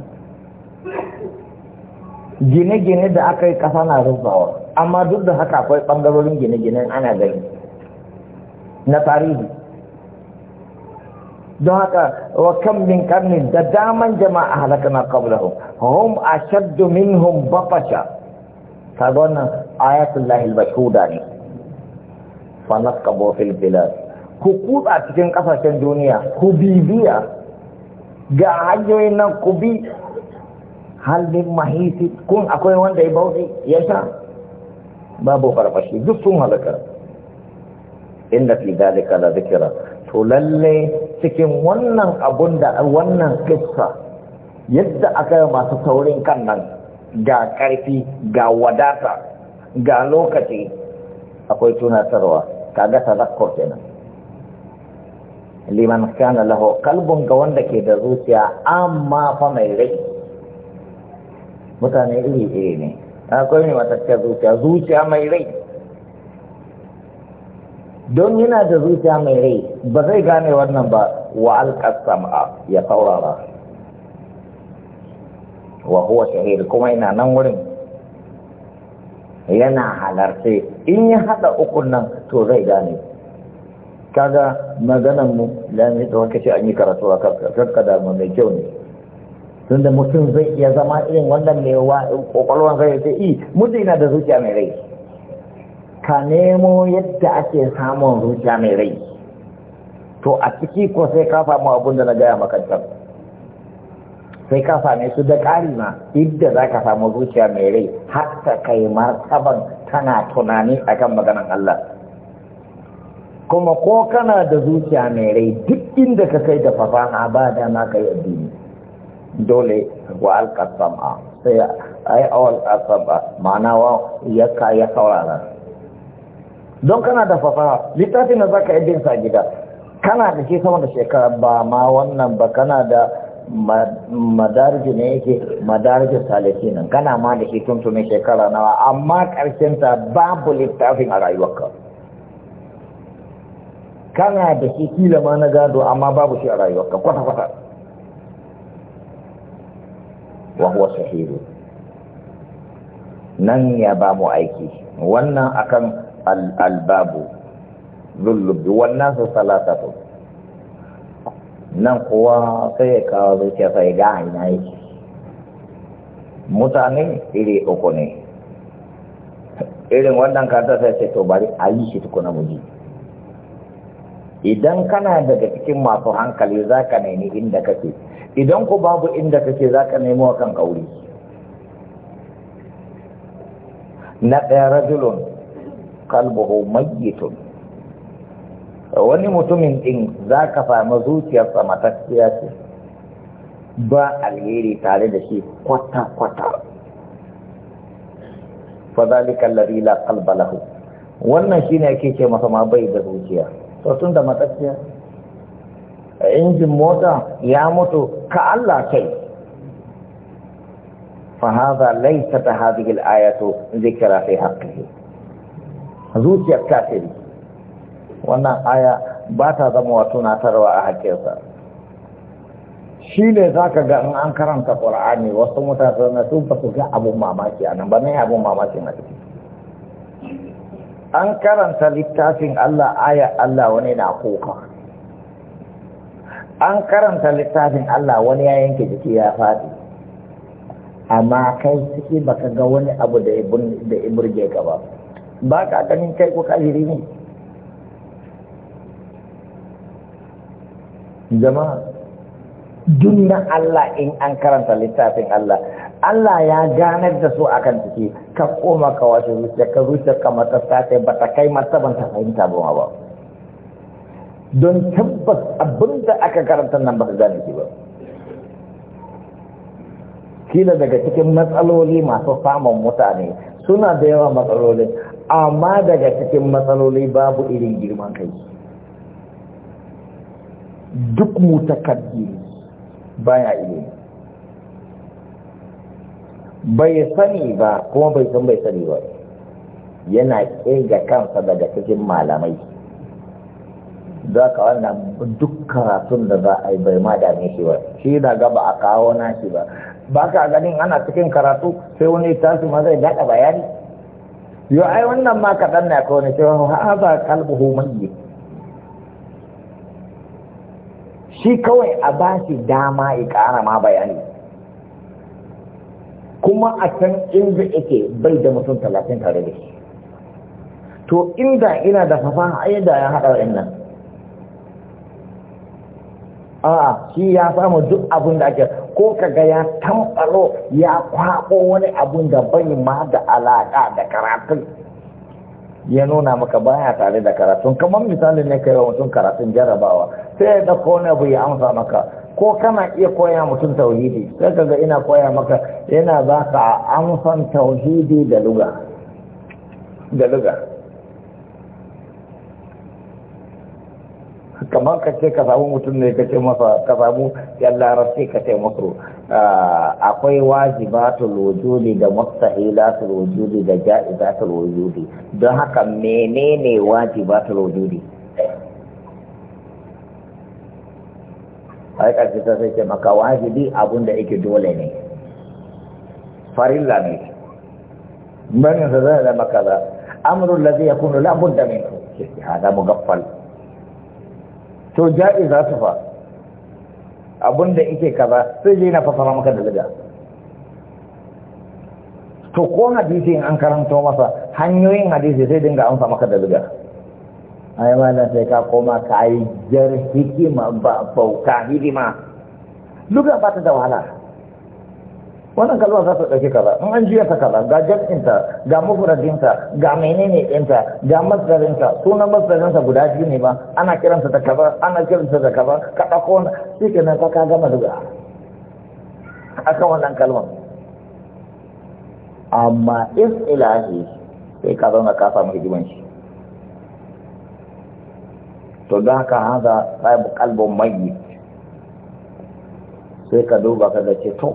S1: gine-gine da aka yi ƙasa na rufawa amma duk da haka akwai bangarorin gine-gine ana gani na tarihi don haka wa kan min karni da daman jama'a halakana qablahum hum ashaddu minhum batasha kaga wannan ayatul lahi al-mashhuda ne fa nasqabu fil bilad ku kutsa cikin kasashen duniya ku bibiya ga hanyoyin nan ku bi halin mahisi kun akwai wanda ya bauɗe ya sha babu farfashi duk sun halaka inda fi dalika la zikira to lalle cikin wannan abun da wannan kissa yadda aka yi masu saurin kan nan ga ƙarfi ga wadata ga lokaci akwai tunatarwa ga tazakkur kenan liman kana lahu qalbun ga wanda ke da zuciya amma fa mai rai mutane iri iri ne akwai ne matakkiyar zuciya zuciya mai rai don yana da zuciya mai rai ba zai gane wannan ba wa a ya saurara wa huwa shahir kuma ina nan wurin yana halarce in ya haɗa ukun nan to zai gane kaga maganan mu da ne da an yi karatu a mai kyau ne tunda mutum zai iya zama irin wannan mai wa kokolwan sai ce i mutum yana da zuciya mai rai ka nemo yadda ake samun zuciya mai rai to a ciki ko sai ka samu abin na gaya maka sai ka same su da ƙari ma inda za ka samu zuciya mai rai har ta kai martaban tana tunani akan maganan Allah kuma ko kana da zuciya mai rai duk inda ka kai da fafaha ba dama ma ka yi addini dole wa alƙasama sai a yi awal ƙasama ma'ana wa ya ya saurara don kana da fasaha littafin da zaka yi sa gida kana da shi sama da shekara ba ma wannan ba kana da madarji ne yake madarji salafi nan kana ma da shi tuntunin shekara nawa amma ta babu littafin a rayuwarka kana da shi kila ma na gado amma babu shi a rayuwarka kwata-kwata wa huwa sahihu nan ya ba mu aiki wannan akan albabu zullubi wannan su salatatu nan kuwa sai ya kawo zuciya sai ga ina yake mutane iri uku ne irin wannan karta sai ce to bari a yi shi tukuna mu ji idan kana daga cikin masu hankali za ka nemi inda kake idan ku babu inda kake za ka nemi wa kan kauri na ɗaya rajulun kalbuhu mayyitun wani mutumin ɗin za ka sami zuciyarsa matacciya ce ba alheri tare da shi kwata-kwata fa zalika alladhi la qalba lahu wannan shine yake ce masa ma bai da zuciya to tun da matsatsiya injin mota ya mutu ka Allah kai fahaza laisa ta hadhihi al-ayatu zikra fi haqqihi zuciyar kafiri wannan aya ba ta zama wa tunatarwa a haƙƙinsa shi ne za ka ga in an karanta ƙur'ani wasu mutane na su ba su ga abun mamaki a nan ba ne abun mamaki na ciki an karanta littafin Allah aya Allah wani na kuka an karanta littafin Allah wani ya yanke jiki ya faɗi amma kai suke baka ga wani abu da ya burge ka ba ba ka ganin kai ko kajiri ne jama'a duniya Allah in an karanta littafin Allah Allah ya ganar da su a kan ciki ka koma ka wasu zuciya ka zuciya ka matasta sai ba ta kai martaban ta fahimta ba ba don tabbas abin da aka karanta nan ba su gane ki ba kila daga cikin matsaloli masu samun mutane suna da yawa matsaloli amma daga cikin matsaloli babu irin girman kai duk mutakaddi baya ilimi bai sani ba kuma bai san bai sani ba yana ƙirga kansa daga cikin malamai za ka wannan duk karatun da za a yi bai ma dame shi ba shi na gaba a kawo na shi ba ba ka ganin ana cikin karatu sai wani tasu ma zai daɗa bayani yo ai wannan ma kaɗan ko ne cewa ha ba hu mayyit shi kawai a ba shi dama ya ƙara ma bayani kuma a can inda yake bai da mutum talatin tare da shi to inda ina da fasaha ai ya haɗa wa'in nan a'a shi ya samu duk abin da ake ko kaga ya tambalo ya kwaɓo wani abin da bai ma da alaƙa da karatun ya nuna maka baya tare da karatun kamar misalin ne kai wa mutum karatun jarabawa sai ya ɗauko wani abu ya amsa maka ko kana iya koya mutum tauhidi sai ga ina koya maka yana ba ka amfan tauhidi da luga da luga kamar ka ce ka samu mutum ne ka ce masa ka samu yan larabci ka ce masu ah, akwai wajibatul wujudi da mustahilatul wujudi da ja'izatul wujudi don haka menene wajibatul wujudi ai ƙarfi ta sai ce maka wajibi abun da yake dole ne farilla ne barin sa zai zama kaza amrul ladhi yakunu la budda minhu hada mugaffal to ja'i za su fa abun da yake kaza sai je na fasara maka da liga to ko hadisi in an karanto masa hanyoyin hadisi sai dinga amsa maka da liga ai mana sai ka koma ka yi jar hikima ba bauka hidima luga ba ta da wahala wannan kalma za ta ɗauki kaza in an jiya ta kaza ga jarinta, ga mufradinta ga menene ɗinta ga masarinta, sunan masarinta guda biyu ne ba ana kiransa da kaza ana kiransa da kaza ka ɗauko shi ke nan ka gama luga Aka wannan kalma amma is ilahi sai ka zauna ka samu hidiman shi to don haka haza sahibu kalbin mai sai ka duba ka ga to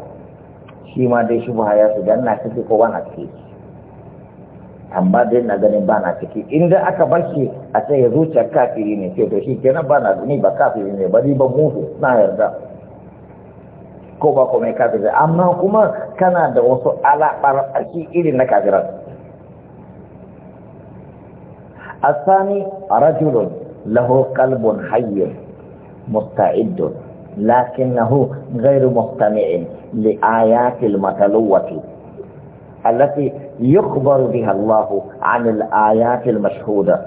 S1: shi ma dai shi ya su dan na ciki ko bana ciki amma dai na ganin bana ciki in dai aka bar shi a sai ya zuciya kafiri ne ce to shi kenan bana ni ba kafiri ne ba ni ba mutu na yarda ko ba komai kafiri amma kuma kana da wasu alaɓar aki irin na kafiran asani rajulun له قلب حي مستعد لكنه غير مستمع لآيات المتلوة التي يخبر بها الله عن الآيات المشهودة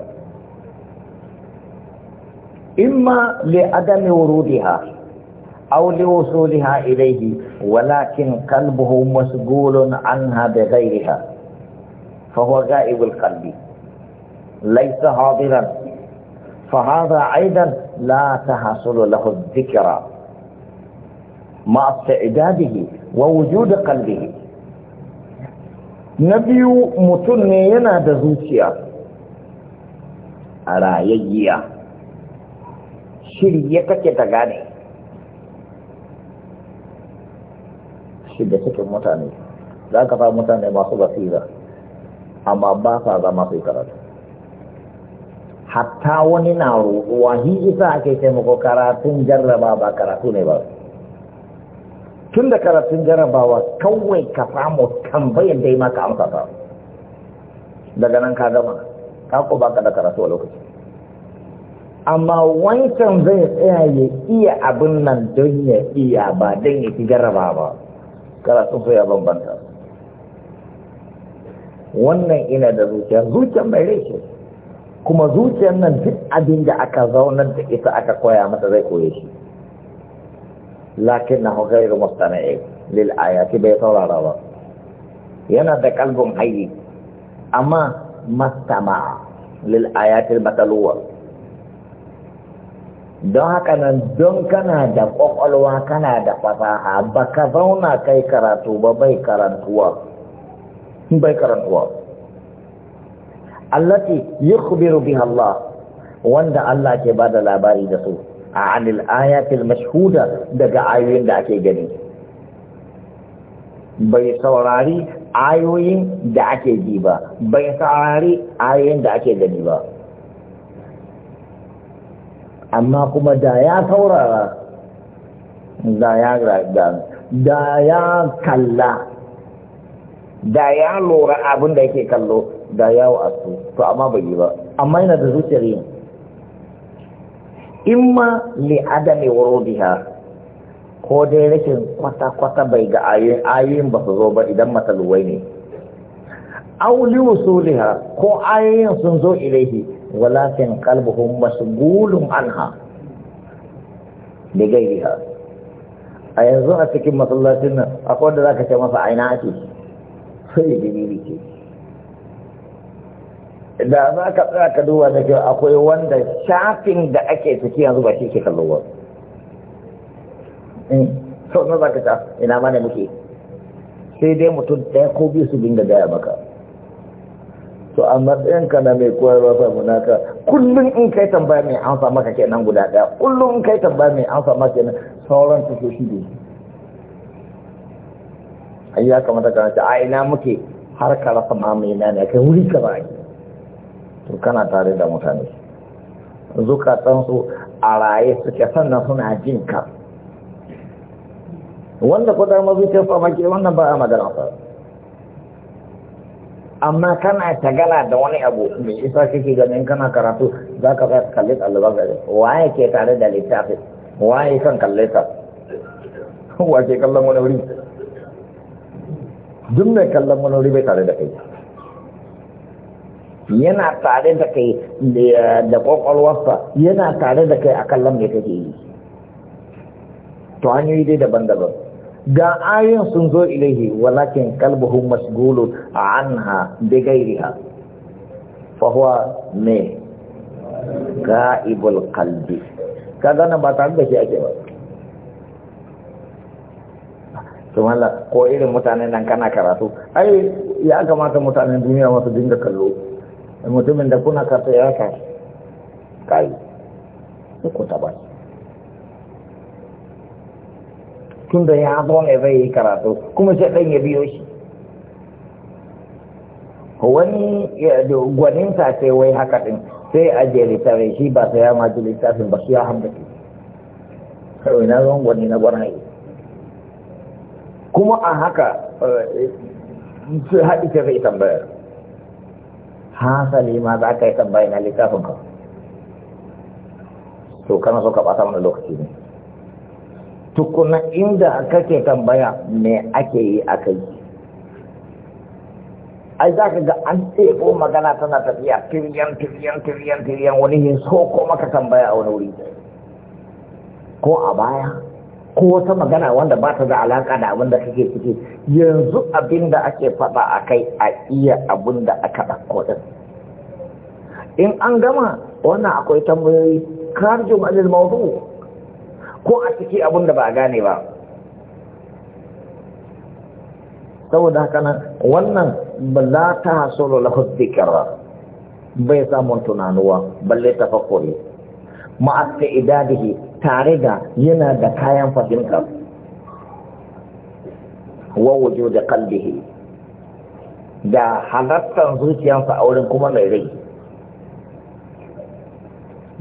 S1: إما لعدم ورودها أو لوصولها إليه ولكن قلبه مسجول عنها بغيرها فهو غائب القلب ليس حاضرا فهذا ايضا لا تحصل له الذكرى مع استعداده ووجود قلبه na biyu mutum ne yana da zuciya a rayayyiya shirye take ta gane shirye cikin mutane za ka fa mutane masu basira amma ba sa zama sai karatu hatta wani na ruhuwa shi isa ake ce muku karatun jarraba ba karatu ne ba tun da karatun jarrabawa kawai ka samu tambayar yi maka amsa ta daga nan ka gama ka ko baka da karatu a lokaci amma wancan zai tsaya ya iya abin nan don ya iya ba don ya ci jarraba ba karatun su ya bambanta wannan ina da zuciya zuciya mai rai kuma zuciyar nan duk abin da aka zaunar da ita aka koya mata zai koye shi lakin na hukairu mustana'i lil ayati bai saurara ba yana da kalbin hayi amma mastama lil ayatil mataluwa don haka nan don kana da kwakwalwa kana da fasaha baka zauna kai karatu ba bai karantuwa bai karantuwa allati yukhbiru biha Allah wanda Allah ke bada labari da su a anil ayatil mashhuda daga ayoyin da ake gani bai saurari ayoyin da ake ji ba bai saurari ayoyin da ake gani ba amma kuma da ya saurara da ya da ya kalla da ya lura abin da yake kallo da yawo a su to amma bai yi ba amma yana da zuciyar yin imma li adami wurudiha ko dai rashin kwata-kwata bai ga ayoyin ayoyin ba su zo ba idan mataluwai ne auli wusuliha ko ayoyin sun zo ilaihi walakin qalbuhum ha? anha da gairiha a yanzu a cikin masallacin nan akwai da zaka ce masa aina ake sai da bibi da za ka tsaya ka duba da kyau akwai wanda shafin da ake ciki yanzu ba shi ke kallo ba eh, sau na za ka ta ina mana muke sai dai mutum ɗaya ko biyu su dinga gaya maka to a ka na mai koyarwa fa ka kullum in kai tambaya mai amsa maka nan guda ɗaya kullum in kai tambaya mai amsa maka nan sauran tashoshi da shi ai ya kamata ka ce a ina muke har ka rasa mamaye na ne kai wuri ka ba ake to kana tare da mutane zukatansu a raye suke sannan suna jin ka wanda kudar mazuciyar famake wannan ba a madarasa amma kana tagala da wani abu mai isa kake ganin kana karatu za ka tsaya kalli ɗaliban gari waye ke tare da littafi waye kan kalli ka ke kallon wani wuri duk mai kallon wani wuri bai tare da kai yana tare da kai eh, da kwakwalwarsa yana tare da kai a kallon mai kake yi to hanyoyi dai daban-daban ga ayin sun zo ilaihi walakin kalbuhu masgulu anha bi gairiha fa huwa ne ga'ibul qalbi kaga nan ba tare da shi ake ba ko irin mutane nan kana karatu ai ya kamata mutanen duniya masu dinga kallo mutumin da kuna kasa ya sa kayi sai ku taba tun da ya zo ne zai yi karatu kuma sai ɗan ya biyo shi wani gwaninta sai wai haka ɗin sai a je littafin shi ba sai ya maji littafin ba su ya hamdace kawai na zon gwani na gwana gwanaye kuma a haka eh, haɗi ta zai tambayar hasali ma za ka yi tambayi na littafin ka to kana so ka bata mana lokaci ne tukuna inda kake tambaya me ake yi a kai ai za ka ga an tsebo magana tana tafiya tiriyan tiriyan tiriyan tiriyan wani yin so ko maka tambaya a wani wuri ko a baya ko wata magana wanda ba ta da alaka da abin da kake ciki yanzu abin da ake faɗa a kai a iya abin da aka ɗauko ɗin in an gama wannan akwai tambayoyi karjum anil mawdu ko a ciki abin da ba a gane ba saboda haka nan wannan ba za ta hasolo lahu dhikra bai samun tunanuwa balle ta tafakkuri ma'a idadihi tare da yana da kayan fahimta wa da kalbihi da halattar zuciyarsa a wurin kuma mai rai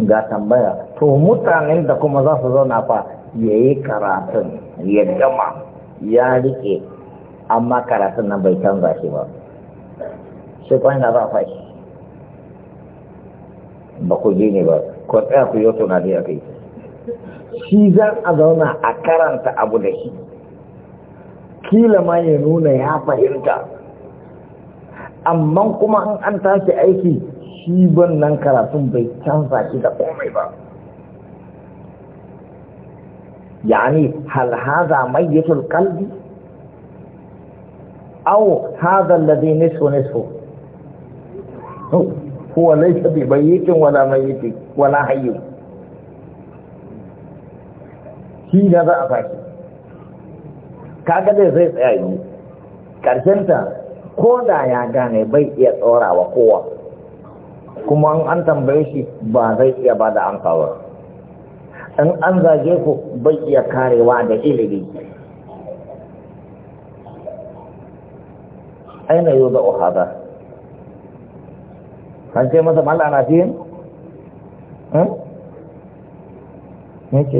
S1: ga tambaya to mutanen da kuma za su zauna fa ya yi karatun ya gama ya rike amma karatun nan bai canza shi ba sai kwanina za a fashi ba ku ji ne ba ku tsaya ku yi tunani a kai shi za a zauna a karanta abu da shi kila ma ya nuna ya fahimta amma kuma an tashi aiki shi ban nan karatun bai canza shi da komai ba yani hal haza mayyitul qalbi aw hadha alladhi nisfu nisfu huwa laysa bi bayyitin wala mayyitin wala hayyin shi na za a fashe kaga zai zai tsaya yi ƙarshenta ko da ya gane bai iya tsorawa kowa kuma an tambaye shi ba zai iya ba da amsa ba in an zage ku bai iya karewa da ilimi aina yau da ohada an ce masa mallana fiye? ne hmm? ce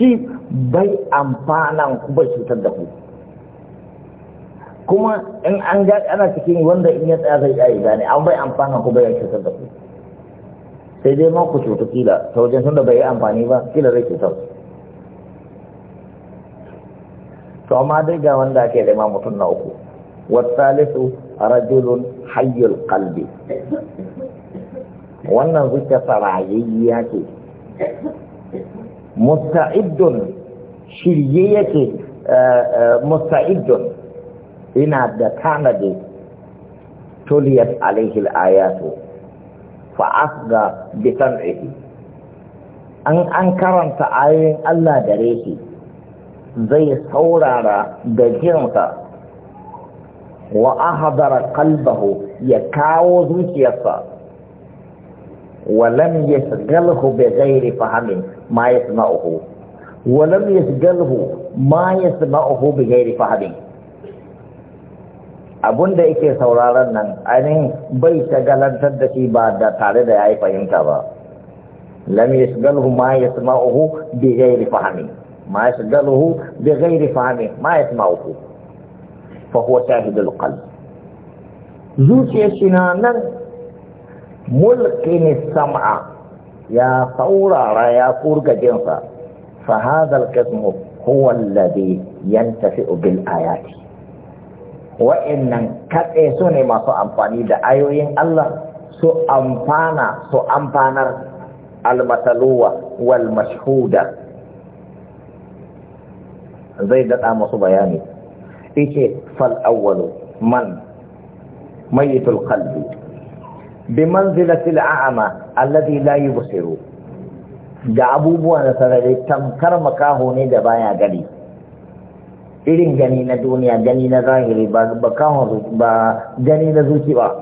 S1: shi bai amfana ku bai cutar da ku kuma in an ga ana cikin wanda in ya tsaya zai iya gane an bai amfana ku bai cutar da ku sai dai ma ku cuta kila ta wajen da bai yi amfani ba kila zai cutar to amma dai ga wanda ake da ma mutum na uku wasalisu rajulun hayyul qalbi wannan zuke sarayayya ce مستعد شريك اه، اه، مستعد إن عبد تعمد تليت عليه الآيات فأصدى بسمعه أن أنكرم تعالين الله دريه زي سورارا دجنسا وأحضر قلبه يكاو زوجيسا ولم يشغله بغير فهمه ma yasma'uhu wa lam yasgalhu ma yasma'uhu bi ghairi fahadin abun da yake sauraron nan ainihin bai shagalantar da shi ba da tare da ya yi fahimta ba lam yasgalhu ma yasma'uhu bi ghairi fahmi ma yasgalhu bi ghairi fahmi ma yasma'uhu fa huwa shahidul qalb zuciyar shi na nan mulkin sam'a ya saurara ya kurga jinsa fa Hadal al-qismu huwa alladhi yantafi'u bil ayati wa'annan katse su ne masu amfani da ayoyin Allah su amfana su amfanar al-mataluwa wal mashhuda zai daɗa masu bayani Ike fal awwalu man mayyitul qalbi bimanzilatil a'ama alladhi la yubsiru da abubuwa na sarari tamkar makaho ne da baya gani irin gani na duniya gani na zahiri ba kawo ba gani na zuci ba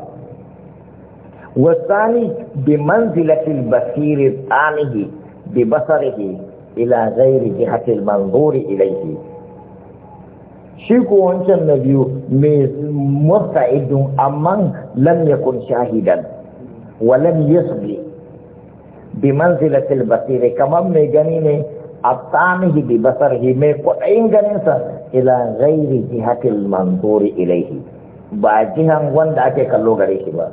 S1: wasani bi manzilatil basiri tsanihi bi basarihi ila ghairi jihatil manzuri ilayhi shi ko wancan na biyu mai murta idun amma lam yakun shahidan walam yasbi bi manzilatil basiri kamar mai gani ne a tsanihi bi basarhi mai kwaɗayin ganinsa ila ghairi jihatil manzuri ilaihi ba jihan wanda ake kallo gare shi ba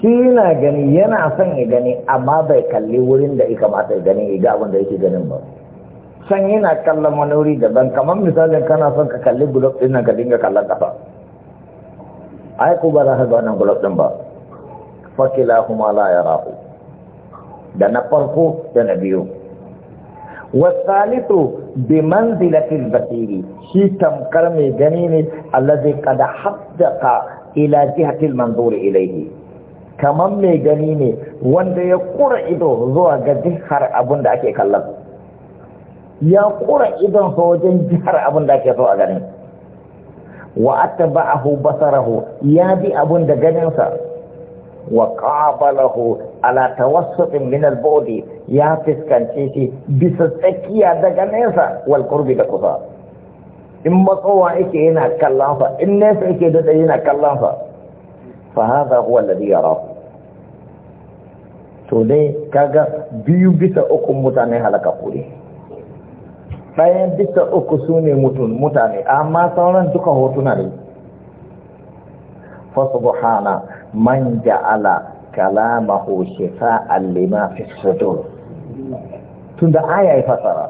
S1: shi yana gani yana son ya gani amma bai kalli wurin da ya kamata gani ya ga abin da yake ganin ba san yana kallon wani wuri daban kamar misalin kana son ka kalli gulob ɗin nan ka dinga kallon kafa ai ba za ka ga wannan gulob ɗin ba fakilahuma la yarahu da na farko da na biyu wasalitu bi manzilatil basiri shi tamkar mai gani ne allazi qad haddaqa ila jihatil manzur ilayhi kaman mai gani ne wanda ya kura ido zuwa ga jihar abin da ake kallon ya kura idon sa wajen jihar abin da ake so a ganin wa atba'ahu basarahu ya bi abin da ganinsa wasu وقابله على توسط من البعد يا فسكنتيشي بسسكيا دغنيسا da kusa. in matsowa yake yana kallon sa in nesa yake dada yana kallon sa fa hadha huwa alladhi yara to dai kaga biyu bisa uku mutane halaka kuri. bayan bisa uku sune mutun mutane amma sauran duka hotuna ne fa subhana man ja'ala kalamahu shifa'an lima fi sudur tunda aya ya fasara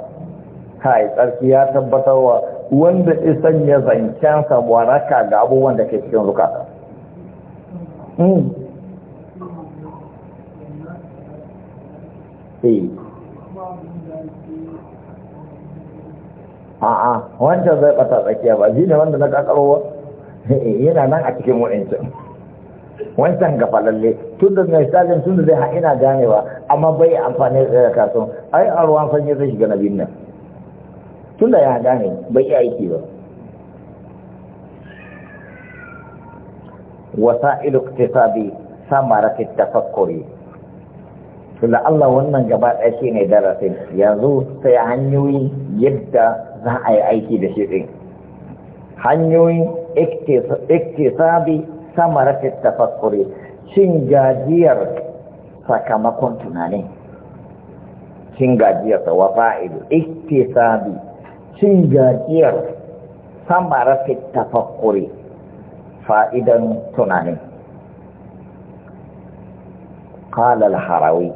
S1: kai tsarki ya tabbatar wa wanda isan ya zancen sa waraka ga abubuwan da ke cikin zukata hmm. eh. a'a wancan zai bata tsakiya ba jini wanda na kakarowa yana nan a cikin wa'incin wancan gafalalle tun da mai sajin tun da zai ha ina ganewa amma bai amfani da kasuwan ai a ruwan sanyi zai shiga na biyun nan tun da ya gane bai yi aiki ba وسائل اقتصادي ta التفكر tunda Allah wannan gaba ɗaya shi ne darasin yanzu sai hanyoyi yadda za a yi aiki da shi ɗin hanyoyin iktisabi ثمرة التفكر شن فكما كنت ناني شن جاجير وفائد اكتسابي ثمرة التفكر فائدا تناني قال الحراوي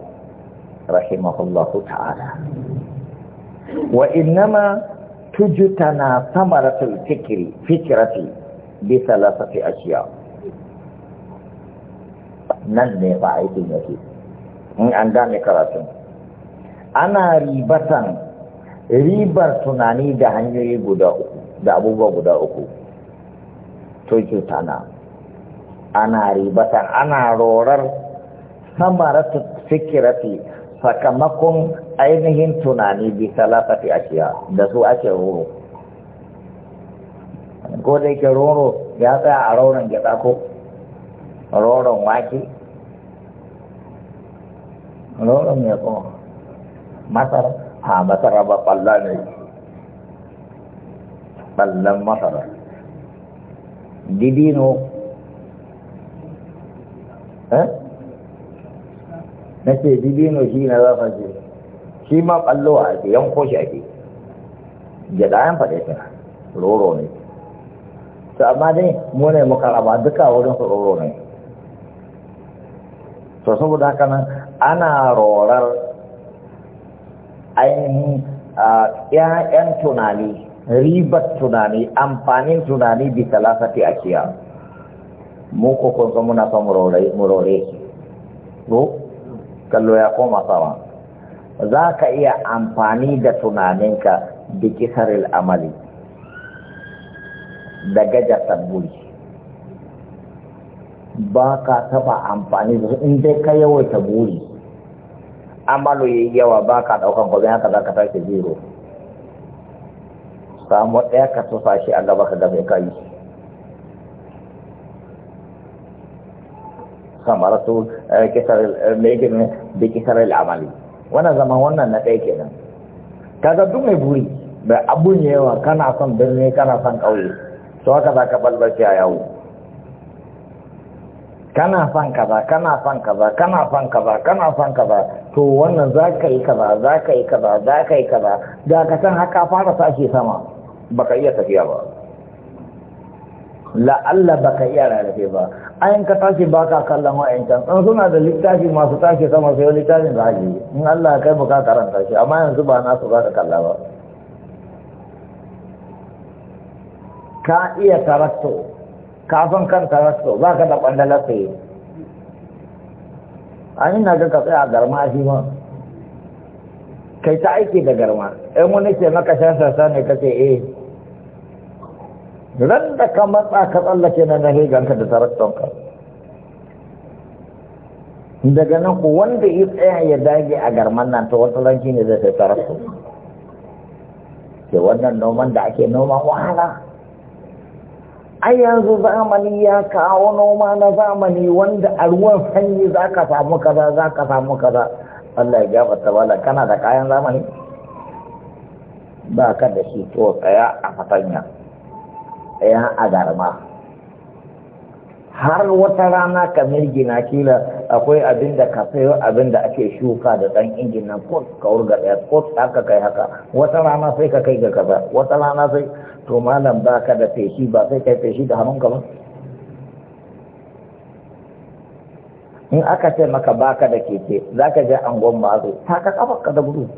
S1: رحمه الله تعالى وإنما تجتنى ثمرة الفكر فكرتي بثلاثة أشياء nan ne ba aikin yake in an gane karatun ana ribatan ribar tunani da hanyoyi guda uku da abubuwa guda uku to cuta na ana ribatan ana rorar samaratu fikirati sakamakon ainihin tunani bi a shiya da su ake roro ko da yake roro ya tsaya a roron gyaɗa ko roron wake nonon ya kuma masara a masara ba ƙwalla ne ƙwallon masara didino eh na ce didino shi na zafa ce shi ma ƙwallo a ake yanko shi ake jaɗayen faɗe tana roro ne to amma dai mu ne muka raba duka wurin su roro ne to saboda haka nan ana rorar ainihin ‘ya'yan tunani ribar tunani amfanin tunani bi talatati a kiya mu ko kun san muna son murore ko kallo ya koma sama za ka iya amfani da tunaninka da kisar al'amali da gajar tabbuli ba ka taba amfani da su inda dai ka yawaita buri amalu yayi yawa ba ka daukan gobe haka za ka tashi zero samu ɗaya ka tufa shi a gaba ka ga mai kai samaratu da kisar al'amali wannan zaman wannan na ɗaya kenan kaga duk mai buri da abun yawa kana son birni kana son ƙauye to haka za ka balbarci a yawo kana son kaza kana son kaza kana son kaza kana son kaza to wannan za ka yi kaza za ka yi kaza za ka yi kaza da ka san haka fara sashi sama baka iya tafiya ba la'alla baka iya rarrafe ba ayin ka tashi baka kallon wa'ancan in suna da littafi masu tashi sama sai littafin da haji in Allah ya kai mu ka karanta shi amma yanzu ba nasu za ka kalla ba ka iya tarakto. kafin kan rasto ba ka da ƙwandalar tsaye an yi na ga ka tsaye a garma shi ma kai ta aiki da garma ɗan wani ce maka shan sassa ne ka ce eh ran da ka matsa ka tsallake na na heganka da ka daga nan ku wanda ya tsaya ya dage a garman nan ta wata ranki ne zai sai tarakto ke wannan noman da ake noman wahala ai yanzu zamani ya kawo noma na zamani wanda a ruwan sanyi za ka samu kaza za ka samu kaza Allah ya gafarta bala kana da kayan zamani ba ka da shi to tsaya a fatanya ɗaya a garma har wata rana ka na kila akwai abin da ka sayo abin da ake shuka da ɗan injin nan ko ka wurga ɗaya ko haka kai haka wata rana sai ka kai ga kaza wata rana sai to malam ba ka da feshi ba sai kai feshi da ka ba in aka ce maka baka da keke za ka je angon zai ta ka kafa ka da gudu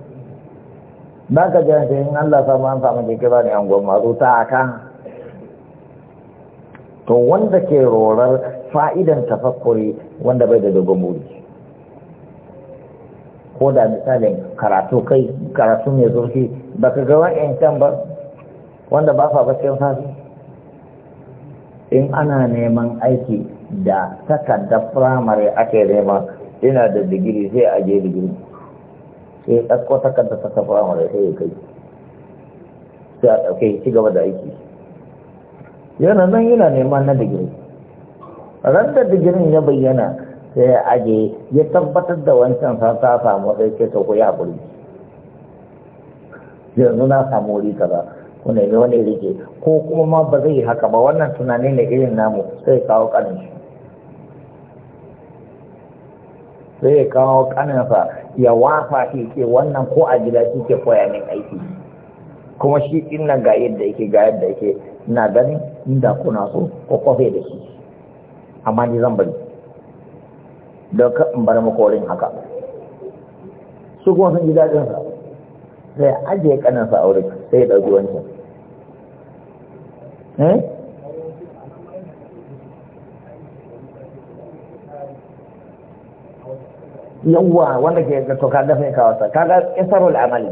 S1: ba ka je in Allah samu an samu keke ba ne angon mazo ta ka to wanda ke rorar fa'idan tafakkuri wanda bai da dogon buri ko da misalin karatu kai karatu mai zurfi ba ka gawa 'yan can ba wanda ba fa baccin fasi in ana neman aiki da takardar firamare ake nema ina da digiri sai a je digiri sai ɗasko takardar takardar firamare sai ya kai sai a ɗauke ci gaba da aiki yana nan yana neman na digiri ran da digirin ya bayyana sai ya aje ya tabbatar da wancan sa ta samu sai ke ta koya buri yanzu na samu wuri kaza ku nemi wani rike ko kuma ma ba zai haka ba wannan tunani ne irin namu sai kawo kanin shi sai ya kawo kaninsa ya wafa shi ke wannan ko a gida shi ke koya min aiki kuma shi ina ga yadda yake ga yadda yake na ganin inda kuna so ko kofe da shi amma ni zan bari don ka in bar makorin haka su kuma sun ji daɗin sa sai ajiye kanin sa aure sai da ɗauki wancan eh yawwa wanda ke ga to ka dafa kawasa kaga isarul amali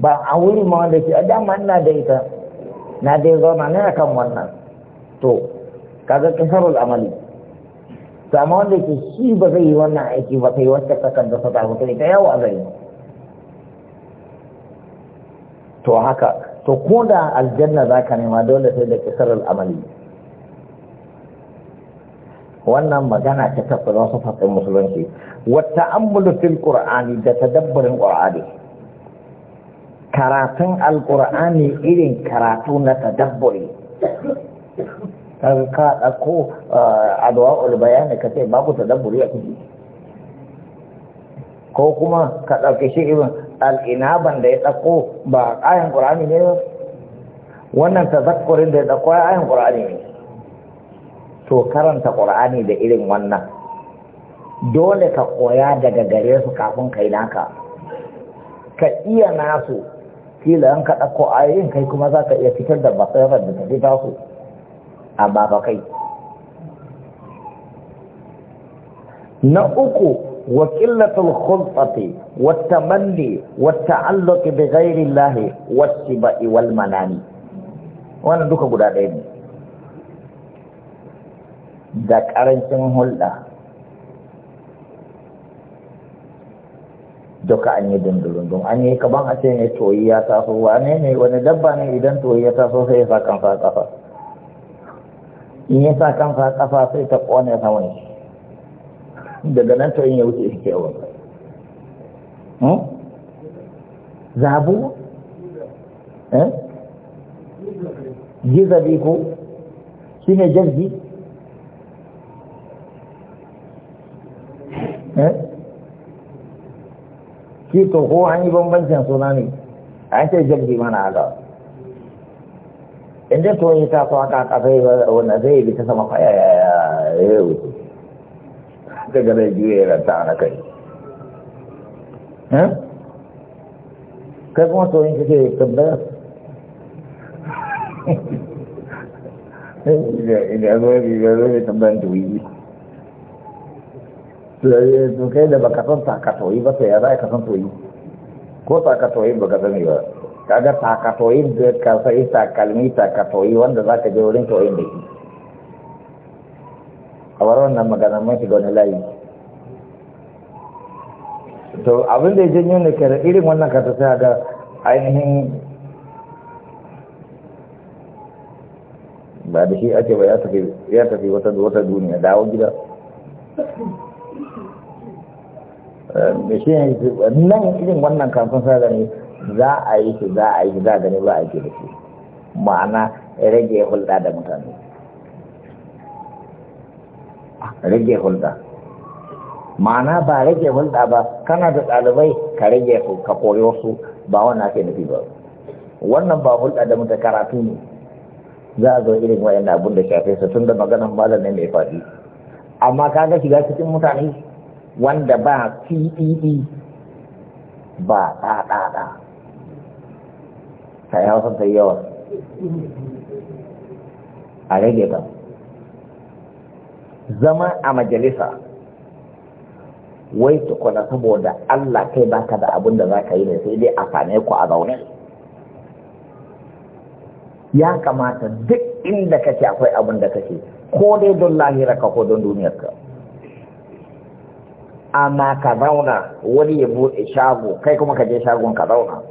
S1: ba a wuri ma wanda ke a dama ina da ita na dai zauna ne a kan wannan to kaga kasarul amali to amma wanda ke shi ba zai yi wannan aiki ba ta yi wacce kakan da ta ta ita a zai yi to haka to ko da aljanna za ka nema dole sai da kasarul amali wannan magana ta tafi wasu fasin musulunci wata amulufin fil qur'ani da tadabbarin qur'ani karatun alkur'ani irin karatu na tadabburi kaga ka ɗauko eh, adwa ulbayani ka ce babu tadabburi a ciki ko kuma ka ɗauke shi irin al'inaban da ya ɗauko ba ayan ƙur'ani ne ba wannan tazakkurin da ya ɗauko ayan ƙur'ani ne to karanta ƙur'ani da irin wannan dole ka koya daga gare su kafin kai naka ka iya nasu kila an ka ɗauko ayoyin kai kuma za ka iya fitar da basarar da tafi tasu a baba kai na uku wa qillatul khulqati wa tamanni wa ta'alluq bi ghairi Allah wa tibai wal manani wannan duka guda ɗaya ne da ƙarancin hulɗa duka an yi dundurundun an yi kaban a ce ne toyi ya taso wane ne wani dabba ne idan toyi ya taso sai ya sa kansa kafa in ya sa kansa kafa sai ta kone saman shi daga nan toyin ya wuce shi kewan hmm? zabu eh jizabi ko shi ne jirgi shi to ko an yi bambancin suna ne a ce jirgi mana haka in to yi ta haka yi wanda zai yi ta sama kwaya ya ya ya wuce ta gada juya ya ranta ana kai eh? kai kuma tsoron kake yi da zo bi zo bi tabbatar da wuyi to kai da baka san takatoyi ba sai ya za ka san toyi ko takatoyi baka sani ba kaga takatoyi da ka sai takalmi takatoyi wanda za ka je wurin toyi da shi a bar wannan magana mun shiga wani layi to abin da ya janyo ne kare irin wannan kasa sai ga ainihin ba da shi ake ba ya tafi wata duniya dawo gida Eh, shi ne nan irin wannan kafin sa gani za a yi shi za a yi za a gani ba a yi da shi ma'ana rage hulɗa da mutane rage hulɗa ma'ana ba rage hulɗa ba kana da ɗalibai ka rage ka koyi wasu ba wannan ake nufi ba wannan ba hulɗa da mutane karatu ne za a zo irin wayan abin da shafe su tun da maganan malam ne mai faɗi amma kaga shiga cikin mutane wanda ba PEE e, ba ɗaɗaɗa ta yi hausa ta yawa a rage ta zama a majalisa wai tukuna saboda Allah kai baka da abin da za ka yi ne sai dai a same ku a zaune ya kamata duk inda kake akwai abin da kake ko dai don lahira ka ko don duniyarka amma ka zauna wani ya buɗe shago kai kuma ka je shagon ka zauna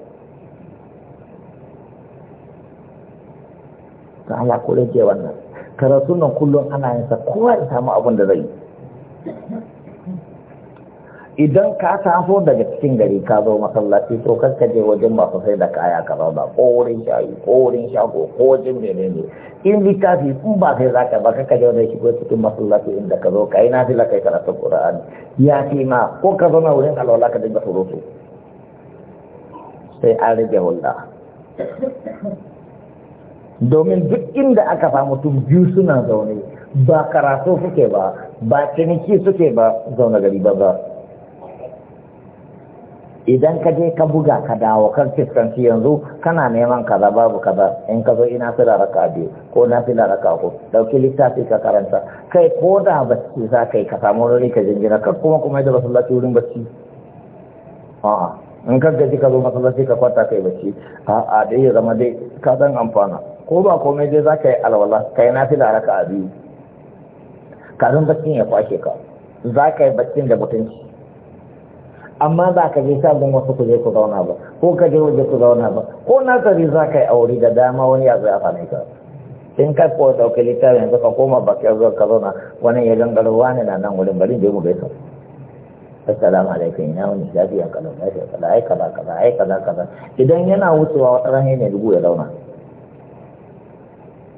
S1: ta Allah ko rage wannan karatu nan kullum ana yin sa kowa ya samu abin da zai idan ka taso daga cikin gari ka zo masallaci to ka je wajen masu sai da kaya ka zo ko wurin shayi ko shago ko wajen mene ne in littafi in ba sai zaka ba ka je wajen shigo cikin masallaci inda ka zo kai na fila kai karatu qur'ani ya ce ma ko ka zo na wurin alwala ka dinga surutu sai an rage hulɗa domin duk inda aka samu mutum biyu suna zaune ba karatu suke ba ba ciniki suke ba zaune gari ba ba idan ka je ka buga ka dawo kan fiskanci yanzu kana neman kaza babu kaza in ka zo ina fila raka biyu ko na fila raka uku dauki littafi ka karanta kai ko da bacci za ka yi ka samu wani ka jingina kar kuma kuma yadda masallaci wurin bacci a'a in ka gaji ka zo masallaci ka kwanta kai bacci a'a dai ya zama dai ka zan amfana ko ba komai dai za ka yi alwala ka yi na fila raka biyu kafin baccin ya kwashe ka za ka yi baccin da mutunci amma ba ka je sabon wasu ku je ku zauna ba ko ka je waje ku zauna ba ko na tsari za ka yi aure da dama wani ya zai afa ka in ka ko dauke littafin yanzu ka koma bakin zuwa ka zauna wani ya gangaro wani na nan wurin bari je mu gaisa assalamu alaikum ina wani lafiya kaza lafiya kala, ai kaza kaza ai kaza kaza idan yana wucewa wata ranar ne dubu ya zauna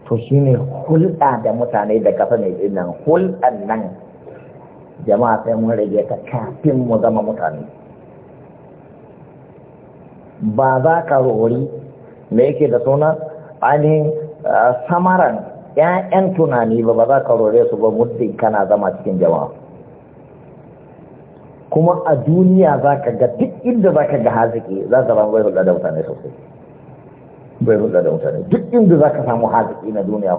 S1: to shine hulɗa da mutane da kasa ne ɗin nan hulɗan nan jama'a sai mun rage ta kafin mu zama mutane ba za ka rori me yake da suna ainihin samaran 'ya'yan tunani ba ba za ka rore su ba muddin kana zama cikin jama'a kuma a duniya za ka ga duk inda za ka ga haziki za ka zama bai hulɗa da mutane sosai bai hulɗa da mutane duk inda za ka samu haziki na duniya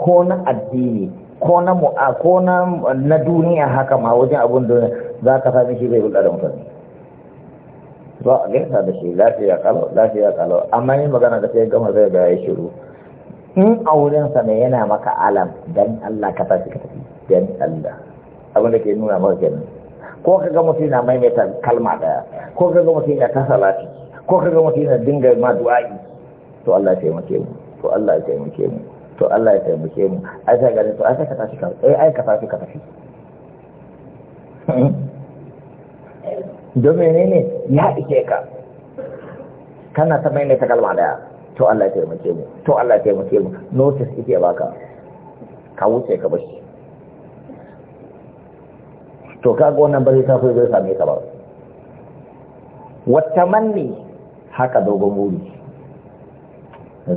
S1: ko na addini ko na mu'a ko na na duniya haka ma wajen abun da za ka sami shi zai hulɗa da mutane ba a gaisa da shi lafiya kalau lafiya kalau amma yin magana da sai gama zai ga ya shiru in aurensa ne yana maka alam dan Allah ka tafi ka tafi dan Allah abin da ke nuna maka kenan ko ka ga mutum na maimaita kalma daya ko ka ga mutum na ta salati ko ka ga mutum na dinga ma du'a'i to Allah ya taimake mu to Allah ya taimake mu to Allah ya taimake mu ai sai gani to ai sai ka tafi, ka eh ai ka tashi ka tafi hmm? don menene ya ike ka kana ta mai ne ta kalma daya to Allah ya taimake mu to Allah ya taimake mu notice ike baka ka wuce ka bashi to kaga wannan bari ta fi zai same ka ba wata manni haka dogon buri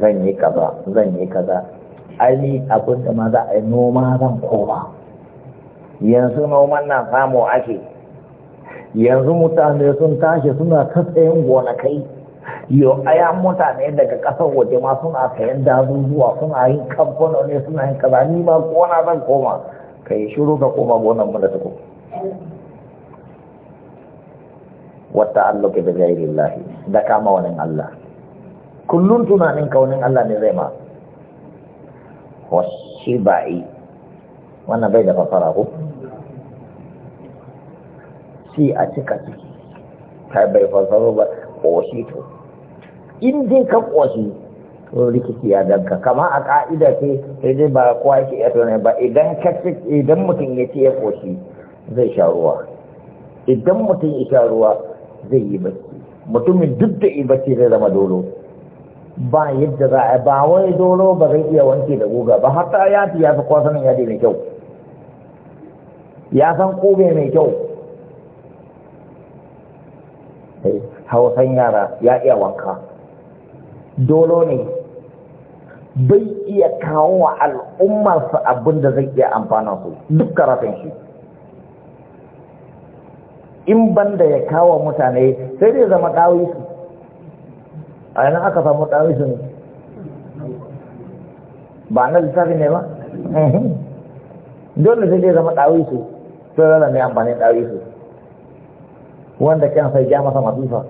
S1: zan yi kaza zan yi kaza aini abin da ma za a yi noma zan koma yanzu noman na samu ake yanzu mutane sun tashi suna ta tsayin gonakai yau aya mutane daga ƙasar waje ma suna sayan zuwa suna yin ne suna yin kaza ni ma gona zan koma ka yi shiru ka koma gonan mu da tuku wata alluka da gairi lahi da kama wani Allah kullum tunanin kaunin Allah ne zai ma washiba'i wannan bai da fasara ko Si a cika ciki ta bai fasaro ba ƙoshi to in dai ka ƙoshi to rikici ya danka kama a ka'ida ce sai dai ba kowa yake iya tunai ba idan ka idan mutum ya ce ya ƙoshi zai sha ruwa idan mutum ya sha ruwa zai yi bacci mutumin duk da yi bacci zai zama dolo ba yadda za a ba wai doro ba zai iya wanke da guga ba hatta ya fi ya fi kwasanin yadi mai kyau ya san kobe mai kyau eh, hausan yara ya iya wanka dolo ne bai iya kawo wa al'ummarsa abin da zai iya amfana su duk karatun shi in banda ya kawo mutane sai dai zama ɗawisu a yana aka samu ɗawisu ne ba na littafi ne ba dole sai zai zama ɗawisu sai rana mai amfanin ɗawisu wanda kyan sai ja masa masifa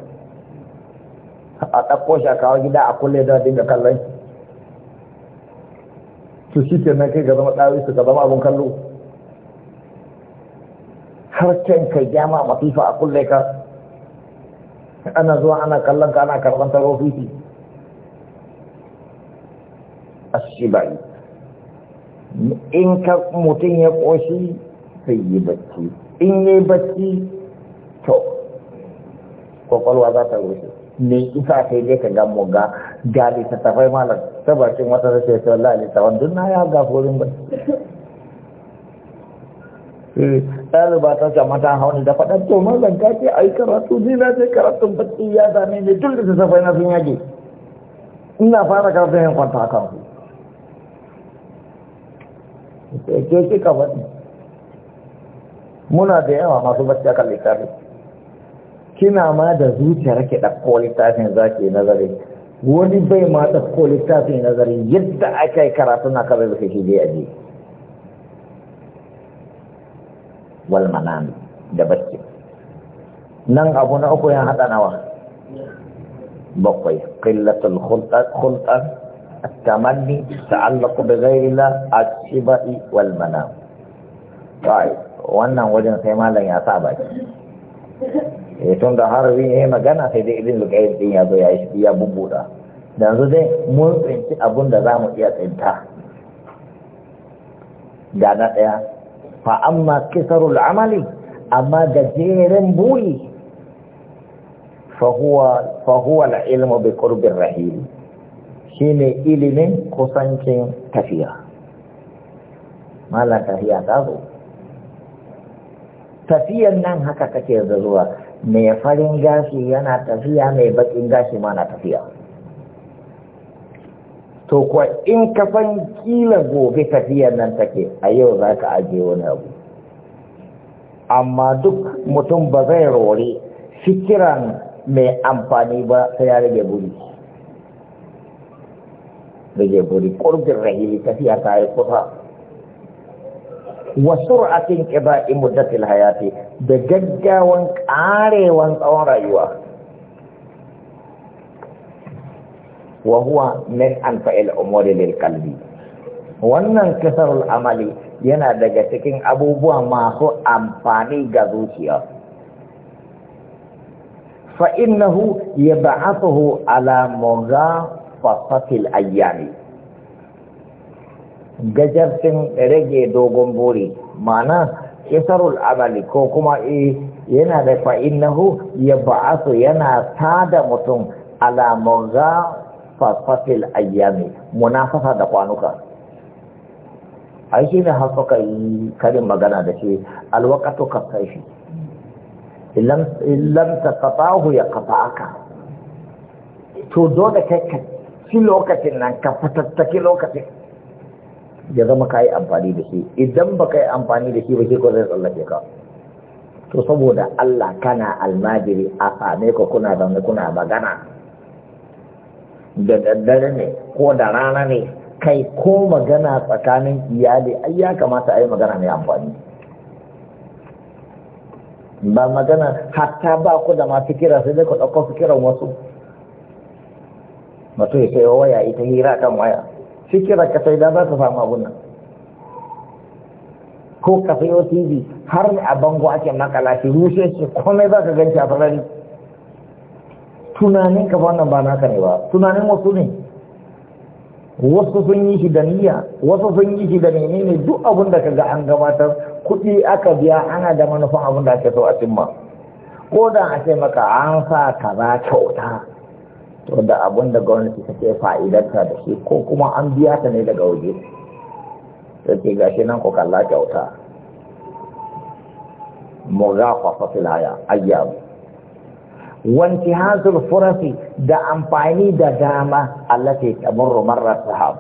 S1: a ɗakko shi a kawo gida a kulle don dinga kallon su shi ke nan kai ga zama ɗawisu ga zama abin kallo har kyan kai ja ma masifa a kulle ka ana zuwa ana kallon ka ana karɓar taro fiti ashibai in ka mutum ya ƙoshi sai yi bacci in yi bacci to kwakwalwa za ta rushe me isa sai dai ka ga ga ta tafai malar ta bakin wata rashin ta wallahi wanda na ya rin bacci Eh, ba ta sama ta hauni da faɗa to mazan kake a yi karatu ni na ce karatun bacci ya zame ne duk da safai na sun yage ina fara karatun yan kwanta a kan eh, ke ce ka faɗi muna da yawa masu bacci akan littafi kina ma da zuciyar ke ɗauko littafin za ki nazari wani bai ma ɗauko littafin nazari yadda aka yi karatu na kare da kake shige a jiki wal manami da bacci nan abu na uku ya hada nawa bakwai qillatul khulqat bi تعلق بغير الله wal والمنام kai wannan wajen sai malam ya sa baki eh tun da har wi eh magana sai dai idin lukai din ya zo ya yi ya bubbuda yanzu dai mun tsinci abun da mu iya tsinta ga na daya fa amma kisarul amali amma gajeren buri fahuwa al'ilmu bi kurbin rahili shi ne ilimin kusancin tafiya malar tafiya ta zo tafiyan nan haka kake zuwa mai farin gashi yana tafiya mai bakin gashi ma na tafiya to kuwa in ka san kila gobe tafiyar nan take a yau za ka aje wani abu amma duk mutum ba zai rori fikiran mai amfani ba sai ya rage buri rage buri ƙurbin rahili tafiya ta yi kusa wa sur'atin qida'i muddatil hayati da gaggawan ƙarewan tsawon rayuwa wa huwa min anfa'il umuri lil qalbi wannan kasarul amali yana daga cikin abubuwa masu amfani ga zuciya fa innahu yab'athuhu ala mughafafatil ayyami gajartin rage dogon buri mana kasarul amali ko kuma eh, yana da fa innahu yab'athu yana tada mutum ala mughafafatil fafatil ayyami munafasa da kwanuka Aiki shi ne haka suka yi karin magana da ce alwakato ka saifi shi. ta kafahu ya kafa aka to dole kai ka ci lokacin nan ka fatattaki lokacin ya zama ka yi amfani da shi idan ba ka yi amfani da shi ba shi ko zai tsallake ka to saboda Allah kana almajiri a same ka kuna zaune kuna magana da daddare ne ko da rana ne kai ko magana tsakanin iyali ai ya kamata a yi magana mai amfani ba magana hatta ba ku da ma fikira sai dai ku ɗauko fikiran wasu mutum ya sai waya ita hira kan waya fikira ka sai da za ka samu abun nan ko ka sayo tv har a bango ake makala shi rushe shi komai za ka ganci a farari tunanin ka wannan ba naka ne ba tunanin wasu ne wasu sun yi shi da niyya wasu sun yi shi da menene duk abin da kaga an gabatar kuɗi aka biya ana da manufan abin da ake so a cimma ko da a ce maka an sa ka kaza kyauta to da abin da gwamnati ta take fa'idarta da shi ko kuma an biya ta ne daga waje sai ce gashi nan ku kalla kyauta mu za ku fasilaya ayyamu wanti hazul furasi da amfani da dama Allah ke kamar marar sahab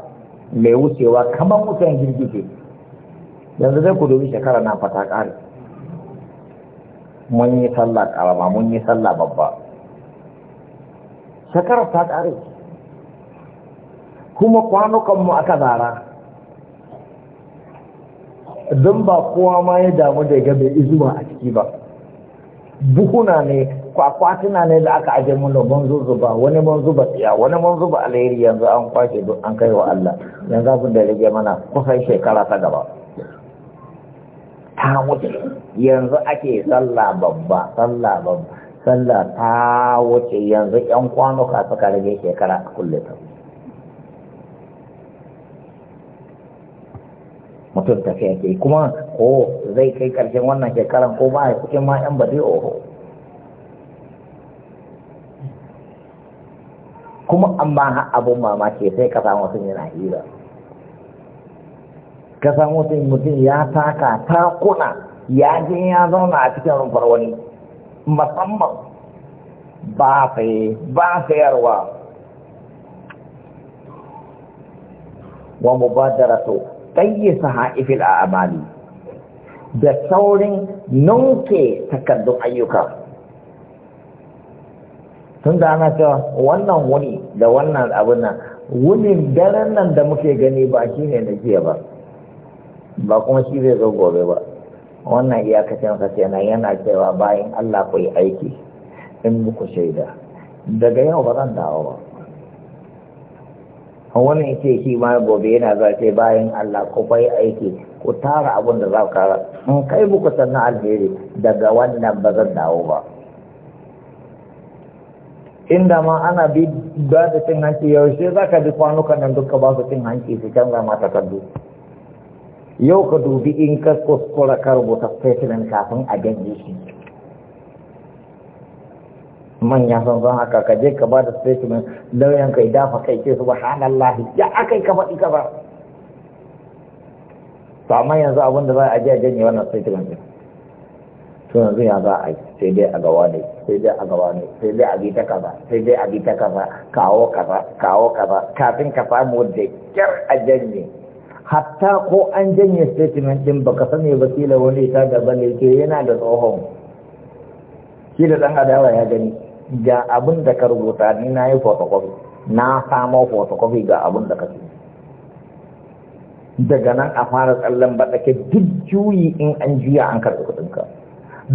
S1: mai wucewa kamar wutan girgije yanzu zai ku dubi shekara na fata ƙari mun yi sallah ƙarama mun yi sallah babba shekarar ta ƙare kuma kwanukanmu aka zara don ba kowa ma ya damu da gabe izuwa a ciki ba buhuna ne kwakwatuna ne da aka aje mun mun zuzuba wani mun zuba tsiya wani mun zuba alheri yanzu an kwashe duk an kai wa Allah yanzu abin da rage mana kusan shekara ta gaba ta wuce yanzu ake sallah babba sallah babba sallah ta wuce yanzu yan kwanuka suka rage shekara a kullum mutum tafiya ke kuma ko zai kai karshen wannan shekaran ko ba a cikin ma yan bade oho kuma an ba ha abun mamaki sai ka samu mutum yana hira ka samu mutum ya taka takuna ya je ya zauna a cikin rumfar wani musamman ba saye ba sayarwa wa mubadaratu tsaye haifil a amali da saurin nunke takardun ayyuka tun da ana cewa wannan wuni da wannan abin nan wunin daren nan da muke gani ba shi ne na jiya ba ba kuma shi zai zo gobe ba wannan iyakacin sa yana cewa bayan Allah ku yi aiki in muku shaida daga yau ba zan dawo ba wani ce shi ma gobe yana za ce bayan Allah ku bai aiki ku tara abin da za ku kara in kai ku sannan alheri daga wannan ba zan dawo ba inda ma ana bi ba da cin hanci yaushe za ka bi kwanukan nan duka ba su cin hanci su canza mata kaddu yau ka dubi in ka kuskura ka rubuta statement kafin a janye shi manya sun san haka ka je ka ba da statement lauyan ka dafa kai ce lahi ya yi ka faɗi ka ba to amma yanzu abin da za a je a janye wannan statement din to yanzu ya za a yi sai dai a gawa ne sai dai a gawa ne sai dai a bi ta kaza sai dai a bi ta kaza kawo kaza kawo kaza kafin ka samu da kyar a janye hatta ko an janye statement din ka sani ba kila wani ta da bane ke yana da tsohon shi da ɗan adawa ya gani ga abin da ka rubuta ni na yi photocopy na samo photocopy ga abin da ka ce daga nan a fara tsallan take duk juyi in an juya an karɓi kuɗinka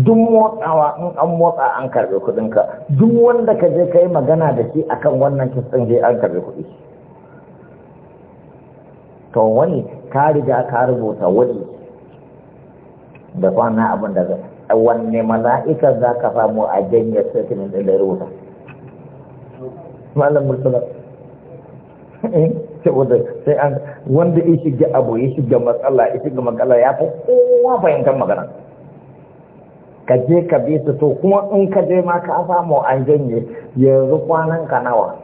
S1: duk motsawa in an motsa an karɓi kuɗinka duk wanda ka je ka yi magana da shi akan wannan kisan je an karɓi kuɗi to wani ka riga ka rubuta wani da kwana abin da zai wanne mala'ikar za ka samu a janyar statement da ya rubuta malam murtala eh, saboda sai an wanda ya shiga abu ya shiga matsala ya shiga matsala ya fi kowa fahimtar magana ka je ka bi su to kuma in ka je ma ka samu an janye yanzu kwanan ka nawa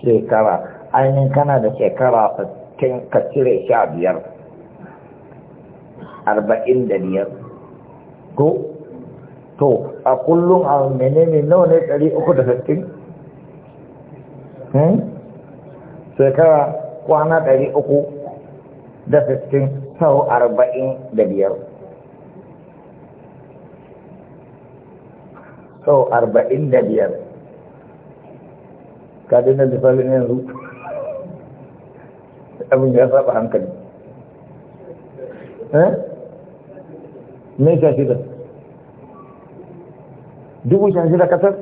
S1: shekara ainihin kana da shekara ka cire sha biyar arba'in da biyar to to a kullum a menene nawa ne ɗari uku da sittin hmm? shekara kwana ɗari uku da sittin sau arba'in da biyar sau arba'in da biyar ka daina ne yanzu abin ya saba hankali eh me sha shida dubu sha shida kasar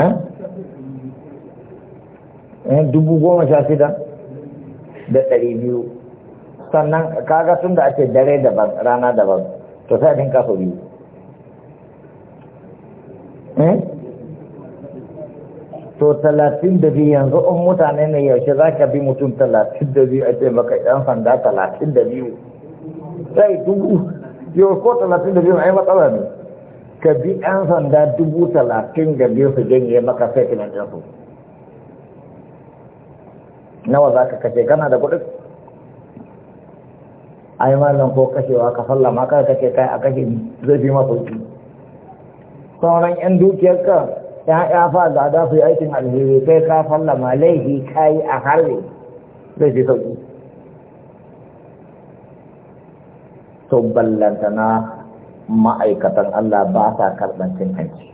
S1: eh? eh, dubu goma sha shida da ɗari biyu sannan kaga tun da ake dare daban rana daban to sai ɗin kaso biyu eh? to talatin da biyu yanzu in mutane ne yaushe za ka bi mutum talatin da biyu a ce maka ɗan sanda talatin da biyu sai dubu yau ko talatin da biyu yi matsala ne ka bi an sanda dubu talatin da biyu su janye maka sai ɗin su nawa za ka kashe kana da kuɗin ai malam ko kashewa ka ma kai kake kai a kashe zai fi masauki sauran yan dukiyarka ya fa da da su yi aikin alheri kai ka ma laifi kai a harbe zai fi sauki to ballanta na ma'aikatan Allah ba ta karɓar cinkanci.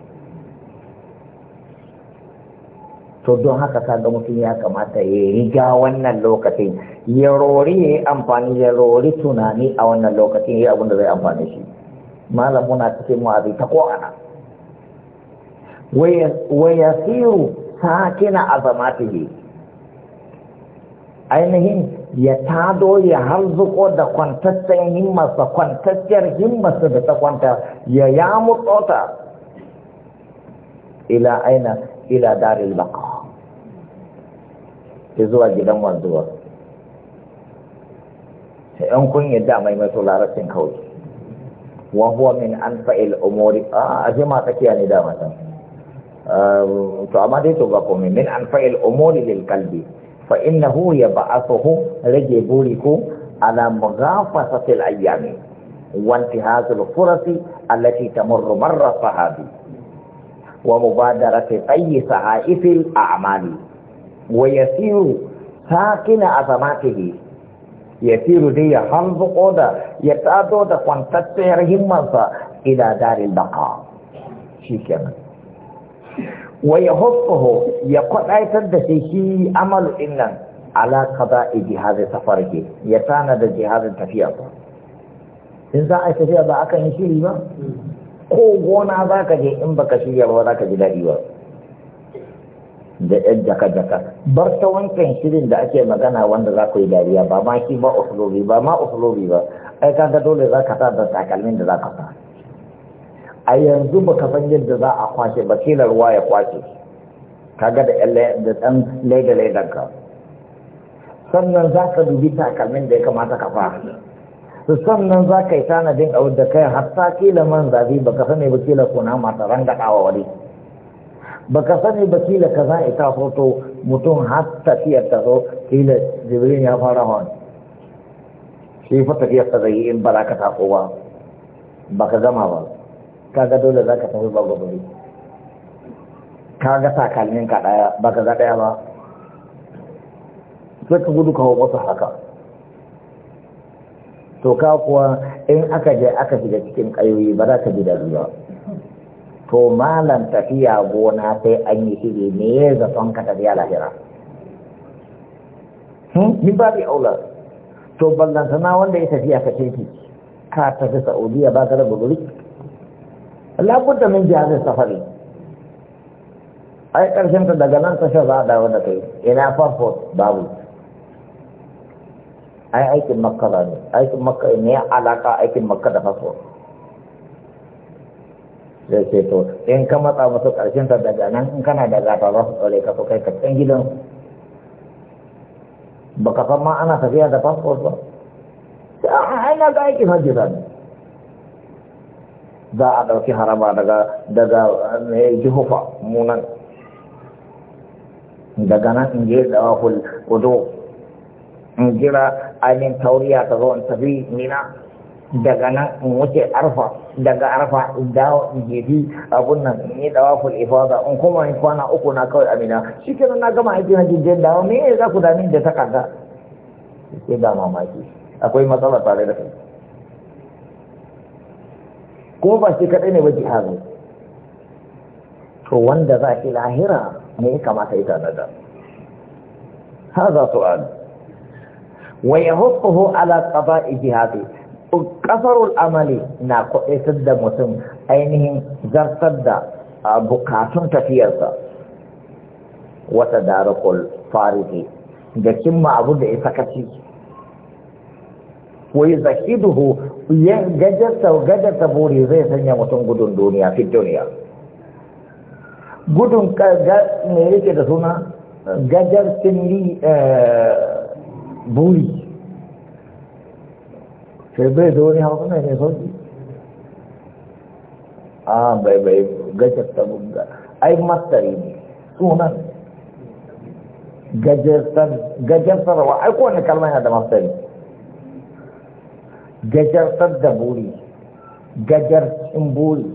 S1: to don haka kaga mutum ya kamata ya riga wannan lokacin ya rori ya amfani ya rori tunani a wannan lokacin ya abin da zai amfani shi malam muna cikin mu'azi ta ko ana wa kina sakina azamatihi ainihin ya tado ya harzuko da kwantaccen himmarsa kwantacciyar himmarsa da ta kwanta ya ya mutsota ila aina ila daril baka ta zuwa gidan wanzuwa ta yan kun da mai mai larabcin kawai wa huwa min an fa'il umuri a ma tsakiya ne da matan ehm, to amma dai to ba komai min an fa'il umuri lil kalbi فانه يبعثه رجي بوليكو على مغافصه الايام وانتهاز الفرص التي تمر مر فهذه ومبادره اي صحائف الاعمال ويسير ساكن عظماته يسير دي حمض قودا يتادو دا كونتاتير الى دار البقاء شيكا wa ya hukkuhu ya kwadaitar da shi shi amal ɗin nan ala qada'i jihazin farke ya tana da jihazin tafiya ba in za a yi tafiya ba akan yi shiri ba ko gona za ka je in baka shirya ba za ka ji daɗi ba da ɗan jaka-jaka bar ta wankan shirin da ake magana wanda za ku yi dariya ba ma shi ba usulobi ba ma usulobi ba ai kaga dole za ka sa da takalmin da za ka sa a yanzu baka san yadda za a kwashe ba kila ruwa ya kwashe kaga da da dan leda ledan ka sannan za ka dubi takalmin da ya kamata ka su sannan za ka yi tanadin a da kai hatta kila man zafi ba ka sani ba kila kuna mata rangadawa wani Ba ka sani ba kila ka za ita hoto mutum har tafiyar ta so kila jibrin ya fara hon shi fa tafiyar ta zai yi in ba za ka tako ba ka gama ba kaga dole za ka tafi ba gwabari kaga takalmin ka ɗaya ba ka za ɗaya ba sai ka gudu ka hau wasu haka to ka kuwa in aka je aka shiga cikin ƙayoyi ba za ka ji da ba to malam tafiya gona sai an yi shiri ne ya zaton ka tafiya lahira min hmm? ba bi aula to ballantana wanda ya tafiya ka ce ki ka tafi saudiya ba ka da guduri labudda min jihazin safari ai karshen ta daga nan tashar za a dawo da kai ina farfot babu ai aikin makka ba ne aikin makka ne alaka aikin makka da farfot zai ce to in ka matsa musu karshen ta daga nan in kana da gata za su ɗaure ka so kai ka can gidan baka san ma ana tafiya da farfot ba sai ana ga aikin hajji ba ne za a ɗauki harama daga jihufa munan daga nan in je da wahul kudu in jira ainihin tauriya ta zo in tafi mina daga nan in wuce arfa daga arfa in dawo in jefi abun nan in yi ifa ifada in kuma in kwana uku na kawai amina shi kenan na gama aiki na jirgin dawo me za ku dami da takarda sai ga mamaki akwai matsala tare da kai ko ba shi kaɗai ne ba jihadi to wanda za ki lahira ne ya kamata ita na da haza su'al wa yahukkuhu ala qada'i jihadi kasarul amali na kuɗaitar da mutum ainihin zartar da bukatun tafiyarsa wata darakul fariki da cimma abu da ya sakaci Wai yuzahiduhu ya gajarta gajarta buri zai sanya mutum gudun duniya fi duniya gudun ne yake da suna cin li eh, buri sai bai ne hau hausa ne sauki a ah, bai bai gajarta buga ai mastari ne gajar gajartarwa ai kowane kalmar yana da mastari gajartar da buri gajarcin buri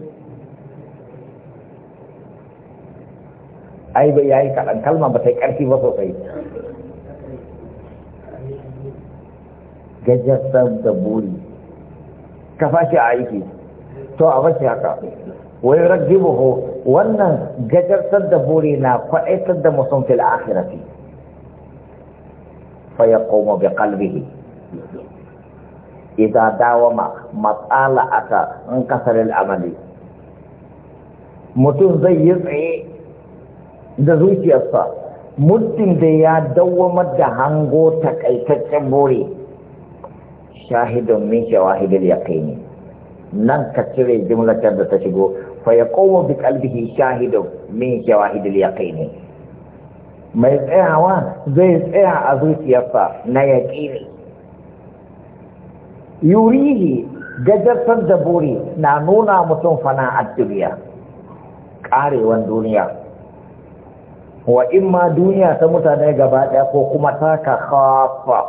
S1: ai bai yayi kaɗan kalma ba ta yi ƙarfi ba sosai gajartar da buri ka fashi a aiki to a bashi haka wai rajibuhu wannan gajartar da buri na kwaɗaitar da mutum fil akhirati fa ya yaqumu bi qalbihi idza dawama matsala aka in kasar mutum zai yi tsaye da zuciyarsa muddin da ya dawamar da hango takaitaccen bore shahidun min shawahidil yaqini nan ka cire jimlatar da ta shigo fa ya yaqumu bi qalbihi shahidun min shawahidil yaqini mai tsayawa zai tsaya a zuciyarsa na yaqini yurihi gajartar da buri na nuna mutum a duniya karewan duniya wa ma duniya ta mutane gaba ɗaya ko kuma ta ka kafa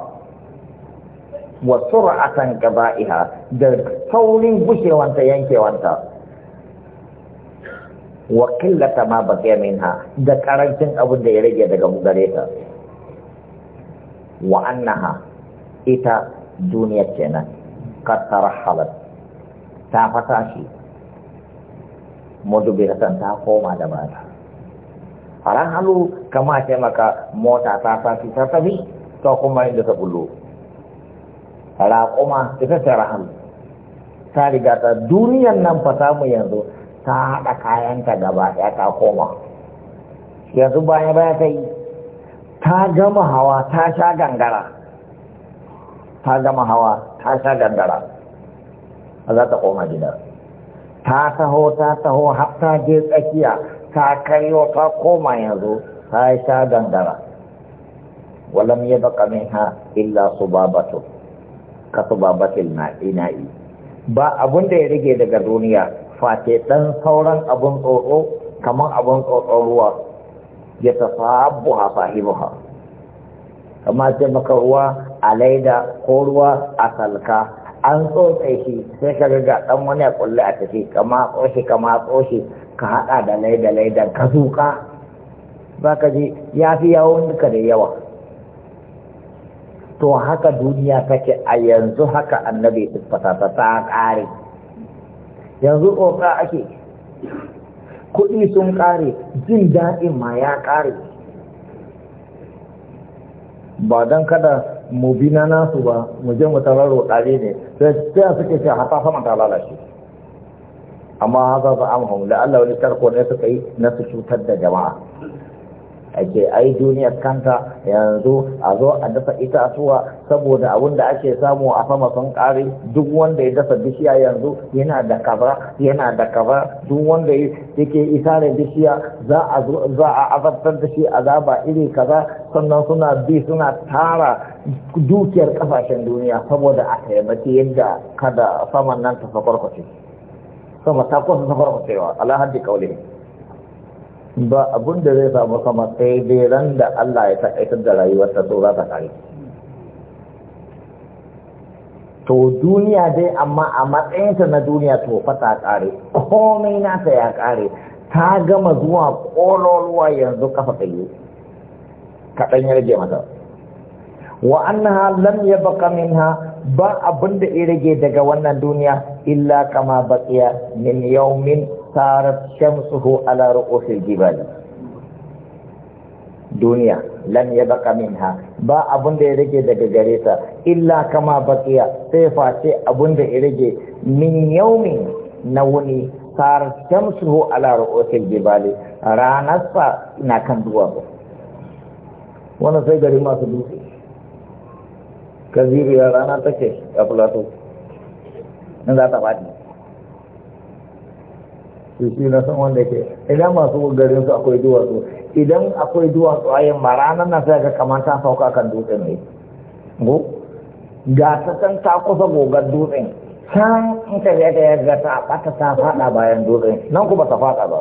S1: wa sur'atan gaba'iha da saurin gushewanta yankewanta wa killata ma baqiya minha da karancin abin da ya rage daga mugareta wa annaha ita duniya kenan قد ترحلت maka mota تاقوم على ta فرحلوا كما تمك موتا kuma تتبي تاقوم عند تقولوا raƙuma ita ta rahal ta riga ta duniyan nan fa mu yanzu ta haɗa kayanta gaba ɗaya ta koma yanzu baya baya ta yi ta gama hawa ta sha gangara ta gama hawa ta sha gandara za ta koma gida ta taho ta taho har je tsakiya ta kayo ta koma yanzu ta sha gandara walam ya baka min ha illa su babatu ka su babatil na ina'i ba abun da ya rage daga duniya face ɗan sauran abun tsoro kamar abun tsotson ruwa ya tafi abu ha ha kama ce maka ruwa a laida ko ruwa a salka an tsotse shi sai ka ga dan wani a kulle a tafi kama tsoshi kama tsoshi ka haɗa da laida laidan ka zuƙa za ka ji ya fi yawon duka da yawa to haka duniya take a yanzu haka annabi siffata ta sa kare yanzu tsotsa ake kuɗi sun kare jin daɗin ma ya ƙare ba don kada mu bi na nasu ba mu je mu tarar roɗaɗe ne sai sai suke ce hata sama ta lalace amma haza za amhum la'alla wani tarko ne suka yi na su cutar da jama'a ake ai duniyar kanta yanzu a zo a dafa itatuwa saboda abun da ake samu a sama sun kare duk wanda ya dasa bishiya yanzu yana da kaza yana da kaza duk wanda yake isare bishiya za a za a azabtar da shi azaba iri kaza sannan suna bi suna tara dukiyar kasashen duniya saboda a taimaki yadda kada saman nan ta sakwarkwace sama ta kwasa sakwarkwacewa ala haddi kaulin ba abun da zai samu sama sai beran da Allah ya takaitar da rayuwarsa to za ta kare to duniya dai amma a matsayinta na duniya to fa ta kare komai nasa ya kare ta gama zuwa kololuwa yanzu kafa tsaye kaɗan ya rage mata wa annaha lam yabqa minha ba abun da ya rage daga wannan duniya illa kama baqiya min yawmin sarat shamsuhu ala ru'usil jibali duniya lan ya baka ha, ba abun da ya rage daga gare ta illa kama bakiya sai face abun da ya rage min yaumin na wuni sarat shamsuhu ala ru'usil jibali ranar sa na kan duwatsu wannan sai gari masu dutse kaziriya rana take a plateau in za ta faɗi shi na san wanda ke idan masu garin su akwai duwatsu idan akwai duwatsu a yamma ranar na sai ga kamar ta sauka kan dutsen ne go ga ta san ta kusa gogar dutsen san in ka ga ta ga ta bata ta fada bayan dutsen nan kuma ta fada ba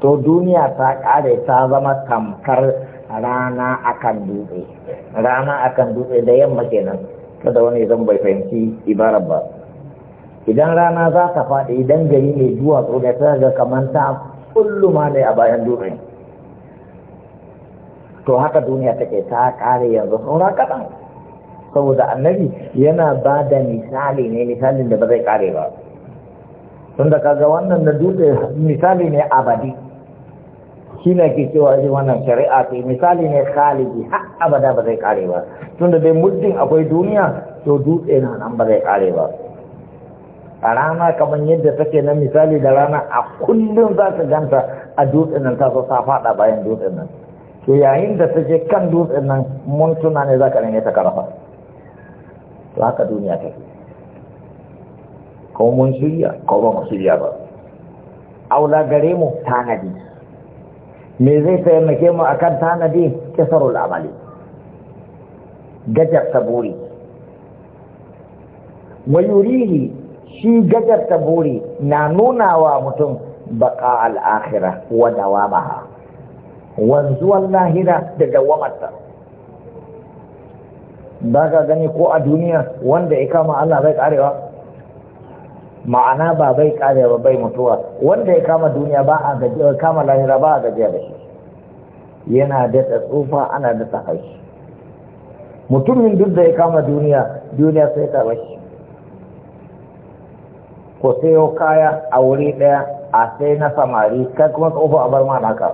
S1: to duniya ta kare ta zama tamkar rana akan dutse rana akan dutse da yamma kenan kada wani zan bai fahimci ibarar ba idan rana za ta faɗi idan gari mai duwatsu da ta ga kamar ta kulluma ne a bayan dutsen to haka duniya take ta kare yanzu saura kaɗan saboda annabi yana ba da misali ne misalin da ba zai ƙare ba tun da kaga wannan na dutse misali ne abadi shi ne ke cewa shi wannan shari'a ce misali ne khalidi har abada ba zai kare ba tun da dai muddin akwai duniya to dutse na nan ba zai ƙare ba a rana kamar yadda take nan misali da rana a kullum za su ganta a dutsen nan ta zo ta faɗa bayan dutsen nan to yayin da take kan dutsen nan mun tuna ne za ka nan ta karafa to haka duniya ke. ko mun shirya ko ba mu shirya ba aula gare mu tanadi me zai taimake mu akan tanadi kisarul amali gajar saburi wa yurihi shi gajarta buri na nuna wa mutum baka al'akhira wa dawamaha wanzuwan lahira da dawamarta ba ka gani ko a duniya wanda ya kama Allah bai karewa ma'ana ba bai karewa bai mutuwa wanda ya kama duniya ba a gajiya kama lahira ba a gajiya da shi yana da tsufa ana da haishi mutumin duk da ya kama duniya duniya sai ta bashi ko sayo kaya a wuri ɗaya a sai na samari kai kuma tsofa a bar ka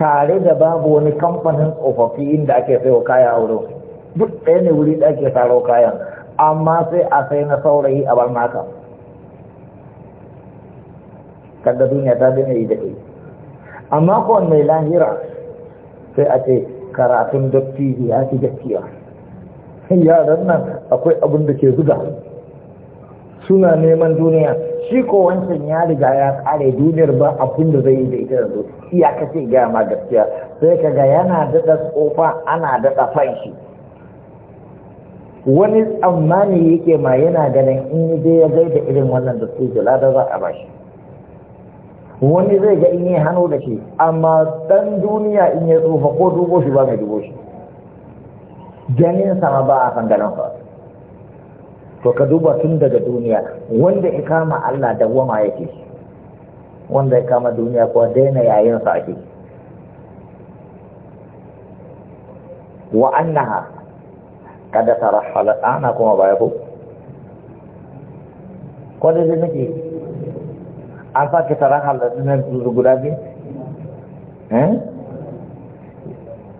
S1: tare da babu wani kamfanin tsofaffi inda ake sayo kaya a wurin duk ɗaya ne wuri da ake taro kayan amma sai a sai na saurayi a bar ka kada duniya ta dina yi da kai amma ko mai lahira sai a ce karatun dattijo ya fi gaskiya yaran nan akwai abin da ke zuga suna neman duniya shi ko wancan ya riga ya kare duniyar ba abin da zai yi da ita yanzu kace gaya ma gaskiya sai ka ga yana daɗa tsofa ana daɗa shi. wani tsammani yake ma yana ganin in yi dai ya gaida irin wannan da su da za a bashi wani zai ga in yi hannu da shi amma dan duniya in ya tsofa ko dubo shi ba mai dubo shi ganin sama ba a san ganin fa to ka duba tun daga duniya wanda ya kama Allah dawwama yake wanda ya kama duniya kuwa daina yayin sa ake wa annaha kada rahala ana kuma baya ko ko da zai nake an sa rahala zinar zuru guda biyu eh?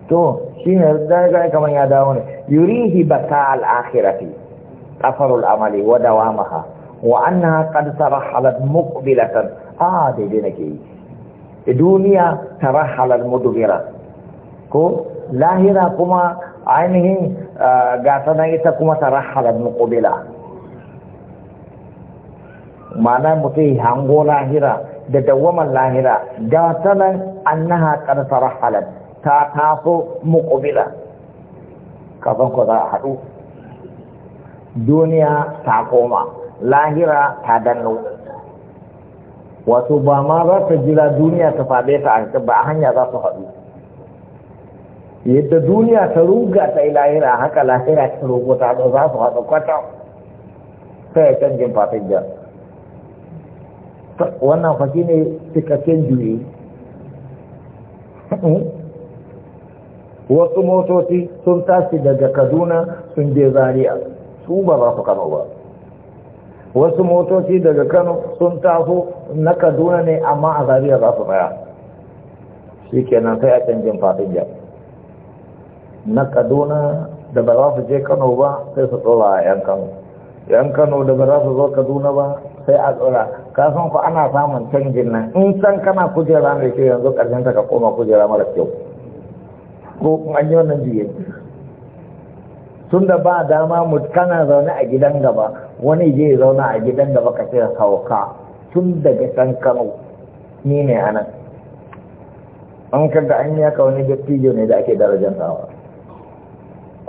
S1: to shi ne zai gani kamar ya dawo ne hi bata al afarul amali wa dawamaha wa annaha qad tarahalat muqbilatan a daidai nake yi duniya tarahalat mudbira ko lahira kuma ainihin gasar ita kuma tarahalat muqbila ma'ana mutum hango lahira da dawwaman lahira da annaha qad tarahalat ta taso muqbila kafan ko za a haɗu duniya ta koma lahira ta danno wato ba ma za ta jira duniya ta faɗe ta ba a hanya za su haɗu yadda duniya ta ruga ta yi lahira haka lahira ta rugo ta za su haɗu kwata Ta yi canjin fasinja wannan fashi ne cikakken juyi wasu motoci sun tashi daga kaduna sun je Zariya. su ba za su kano ba wasu motoci daga kano sun taso na kaduna ne amma a zariya za su tsaya shi kenan sai a canjin ya. na kaduna da ba za su je kano ba sai su tsora a yan kano yan kano da ba za su zo kaduna ba sai a tsora kasan ku ana samun canjin nan in san kana kujera mai kyau yanzu karshen ta ka koma kujera mara kyau ko an yi wannan biye tun da ba dama mu kana zaune a gidan gaba wani je zauna a gidan gaba ka ce sauka tun daga san kano ni ne anan an kaga an ka wani dattijo ne da ake darajar sawa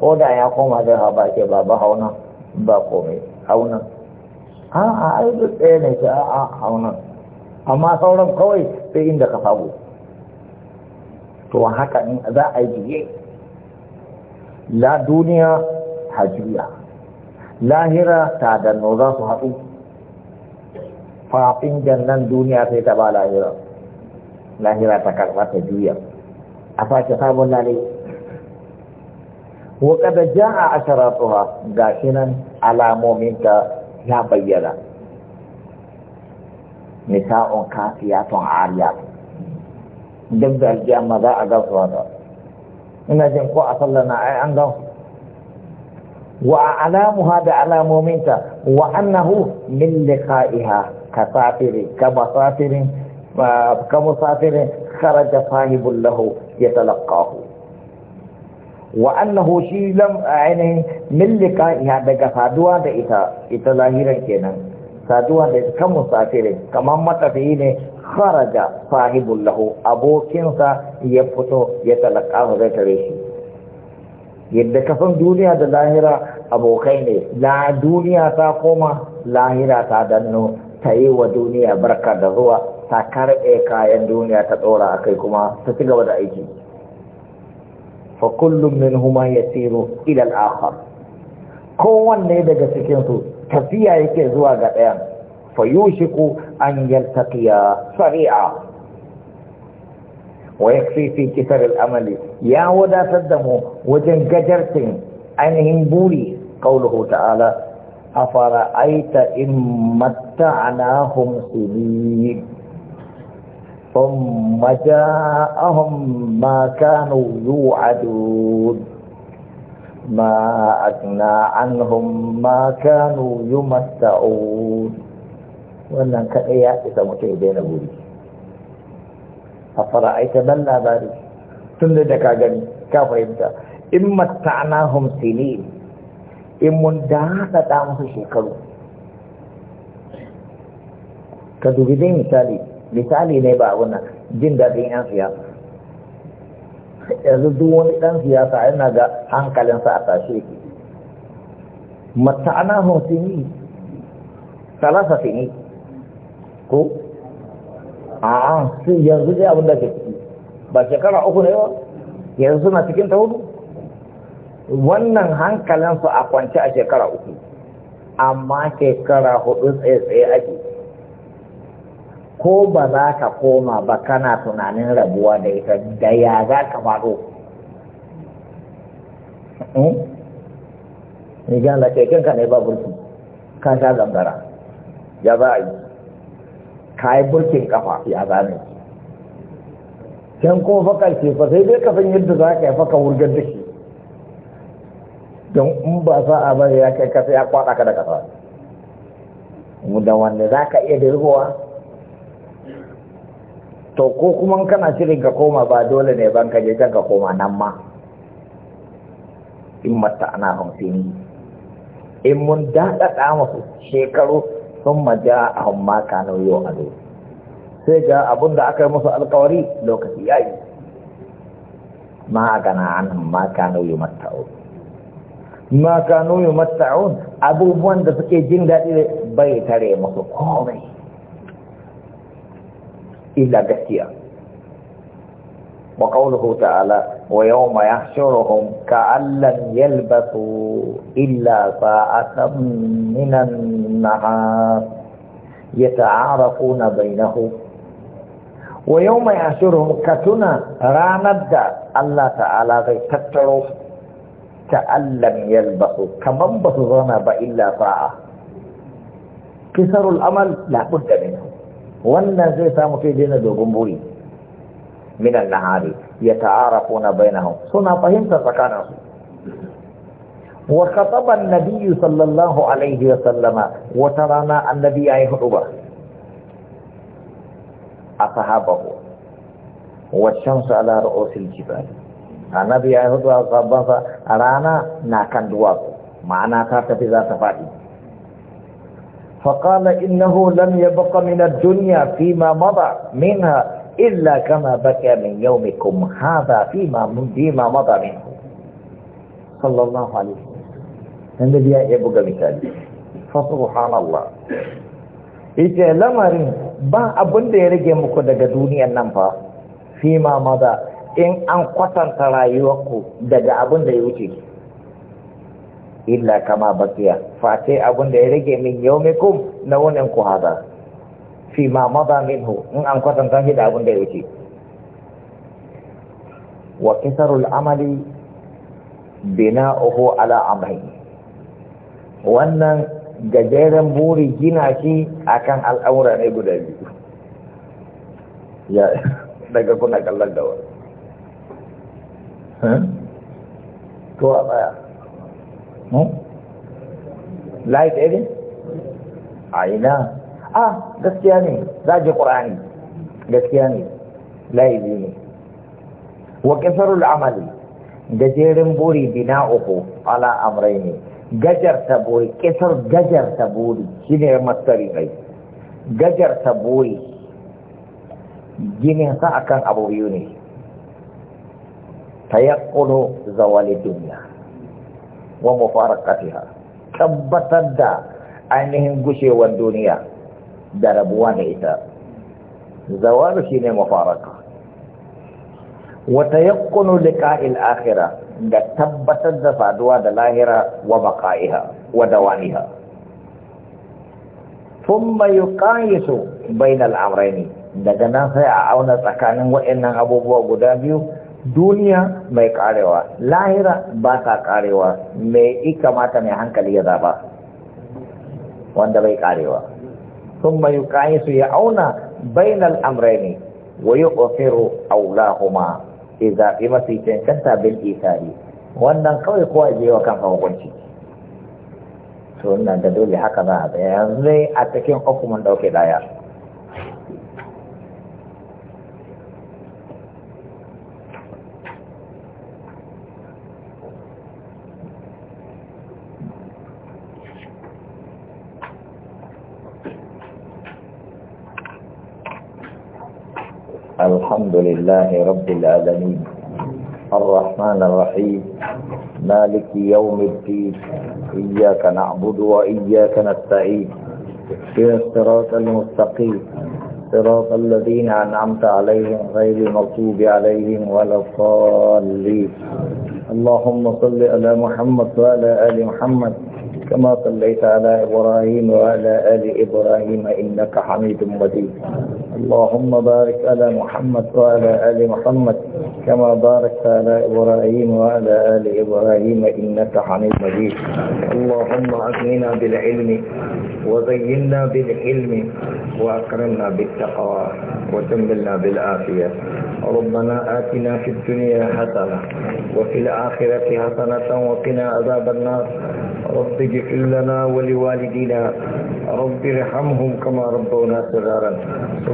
S1: ko da ya koma zai haba ke baba hauna ba komai hauna a a ai duk ɗaya ne ce a hauna amma sauran kawai sai inda ka fago to haka za a yi la duniya hajiya lahira ta da za su haɗu fafin jannan duniya sai ta ba lahira lahira ta karɓa ta juya a sake sabon lalai a kada ja'a asharatuha shi nan alamominta ya bayyana nisa'un kafiyatun ariya, duk da aljiyar maza a gasu wata ina jin ko a na ai an gan wa alamuha da alamominta wa annahu min liqa'iha ka safiri ka basafirin ka musafirin kharaja sahibul lahu yatalaqahu wa annahu shi lam ainihin min liqa'iha daga faduwa da ita ita lahiran kenan saduwa da kan musafiri kamar matafiyi ne kharaja sahibul lahu abokinsa ya fito ya talaka mu zai tare shi yadda kafin duniya da lahira abokai ne la duniya ta koma lahira ta danno ta yi wa duniya barka da zuwa ta karɓe kayan duniya ta ɗora a kai kuma ta ci gaba da aiki fa kullum min huma ya tsiro ilal akhar kowanne daga cikinsu tafiya yake zuwa ga ɗayan fayushiku an yaltaqiya sari'a wa yakfi fi kisar al'amali ya wadatar da mu wajen gajartin ainihin buri qauluhu ta'ala afara aita in matta'nahum sinin ثم جاءهم ما كانوا يوعدون ما أغنى عنهم ما كانوا يمتعون wannan kaɗai ya isa mutum ya daina guri a fara'aita ban labari tun da daga gani ka fahimta in matta'ana hum sinin in mun daɗaɗa musu shekaru ka dubi dai misali misali ne ba abun nan jin daɗin 'yan siyasa yanzu duk wani ɗan siyasa yana ga hankalinsa a tashe ki mata'ana hosini salasa sini ko a'a sun yanzu dai abin da ke ciki ba shekara uku ne ba yanzu suna cikin ta hudu wannan hankalinsu a kwance a shekara uku amma shekara hudu tsaye-tsaye ake ko ba za ka koma ba kana tunanin rabuwa da ita da ya za ka faɗo eh? ni jan da kekenka ne ba burki ka sha zambara ya za a yi ka yi burkin kafa ya za ne can kuma faka ce fa sai dai kafin yadda za ka yi faka wurgar da shi don in ba sa a bari ya kai kasa ya kwaɗa ka da kasa da wanda za ka iya dirgowa to ko kuma kana shirin ka koma ba dole ne ban ka je can ka koma nan ma in mata ana hamsin in mun daɗaɗa masu shekaru sun ma ja a hamma kanu yau zo sai ga abin da aka yi musu alkawari lokaci ya yi ma gana an ma kanu yau o ma kanu yau o abubuwan da suke jin daɗi bai tare musu komai إلا قتيا وقوله تعالى ويوم يحشرهم كأن لم يلبثوا إلا ساعة من النهار يتعارفون بينهم ويوم يحشرهم كتنا راند الله تعالى زي كأن لم يلبثوا كمن بثوا ظنب إلا ساعة كسر الأمل لا بد منه wannan zai sa mutum daina dogon buri minan nahari ya ta'arafu na bainahum suna fahimtar tsakaninsu wa khataba an-nabiy sallallahu alaihi wa sallama wa tarana annabi yayi huduba ashabahu wa shamsu ala ru'usil jibal annabi yayi huduba sahabbansa rana na kan duwatsu ma'ana ta tafi za ta faɗi فقال إنه لم يبق من الدنيا فيما مضى منها إلا كما بكى من يومكم هذا فيما فيما مضى منه صلى الله عليه وسلم النبي يا أبو مثال فسبحان الله ita lamarin ba abin da ya rage muku daga duniyan nan fa fima maza in an kwatanta rayuwarku daga abin da ya wuce illa kama bakiya face abun da ya rage min yaumikum na wannan ku hada fi ma mada minhu in an kwatanta shi da abun da ya wuce wa kisarul amali bina'uhu ala amri wannan gajeren buri gina shi akan al'aura ne guda biyu ya daga kuna kallon da wani hmm? to a tsaya Hmm? light ɗaya a ina a gaskiya ne za je ƙura'ani gaskiya ne laifi ne wa ƙisarul amali gajerin buri bina uku ala amrai ne gajarta buri ƙisar gajarta buri shi ne mastari mai gajarta buri ginin sa akan abu biyu ne ta yakkulu zawali duniya wa mufarakatiha tabbatar da ainihin gushewar duniya da rabuwa da ita zawalu shine mufaraka wa tayaqqunu liqa'il akhirah da tabbatar da faduwa da lahira wa baqa'iha wa dawamiha thumma yuqayisu bainal daga nan sai a auna tsakanin waɗannan abubuwa guda biyu duniya mai karewa lahira ba ta karewa mai ikamata mai hankali ya zaba wanda bai karewa sun mai kayi su ya auna bainal amraini wa yi ƙofiru kuma ya zaɓi masu cancanta bil isari wannan kawai kowa je wa kan hukunci to nan da dole haka za a tsaye yanzu a cikin hukumin ɗauke daya الحمد لله رب العالمين الرحمن الرحيم مالك يوم الدين إياك نعبد وإياك نستعين في الصراط المستقيم صراط الذين أنعمت عليهم غير المغضوب عليهم ولا الضالين اللهم صل على محمد وعلى آل محمد كما صليت على إبراهيم وعلى آل إبراهيم إنك حميد مجيد اللهم بارك على محمد وعلى آل محمد كما باركت على إبراهيم وعلى آل إبراهيم إنك حميد مجيد اللهم أغننا بالعلم وزينا بالعلم وأكرمنا بالتقوى وتملنا بالعافية ربنا آتنا في الدنيا حسنة وفي الآخرة حسنة وقنا عذاب النار رب اغفر لنا ولوالدينا رب ارحمهم كما ربونا صغارا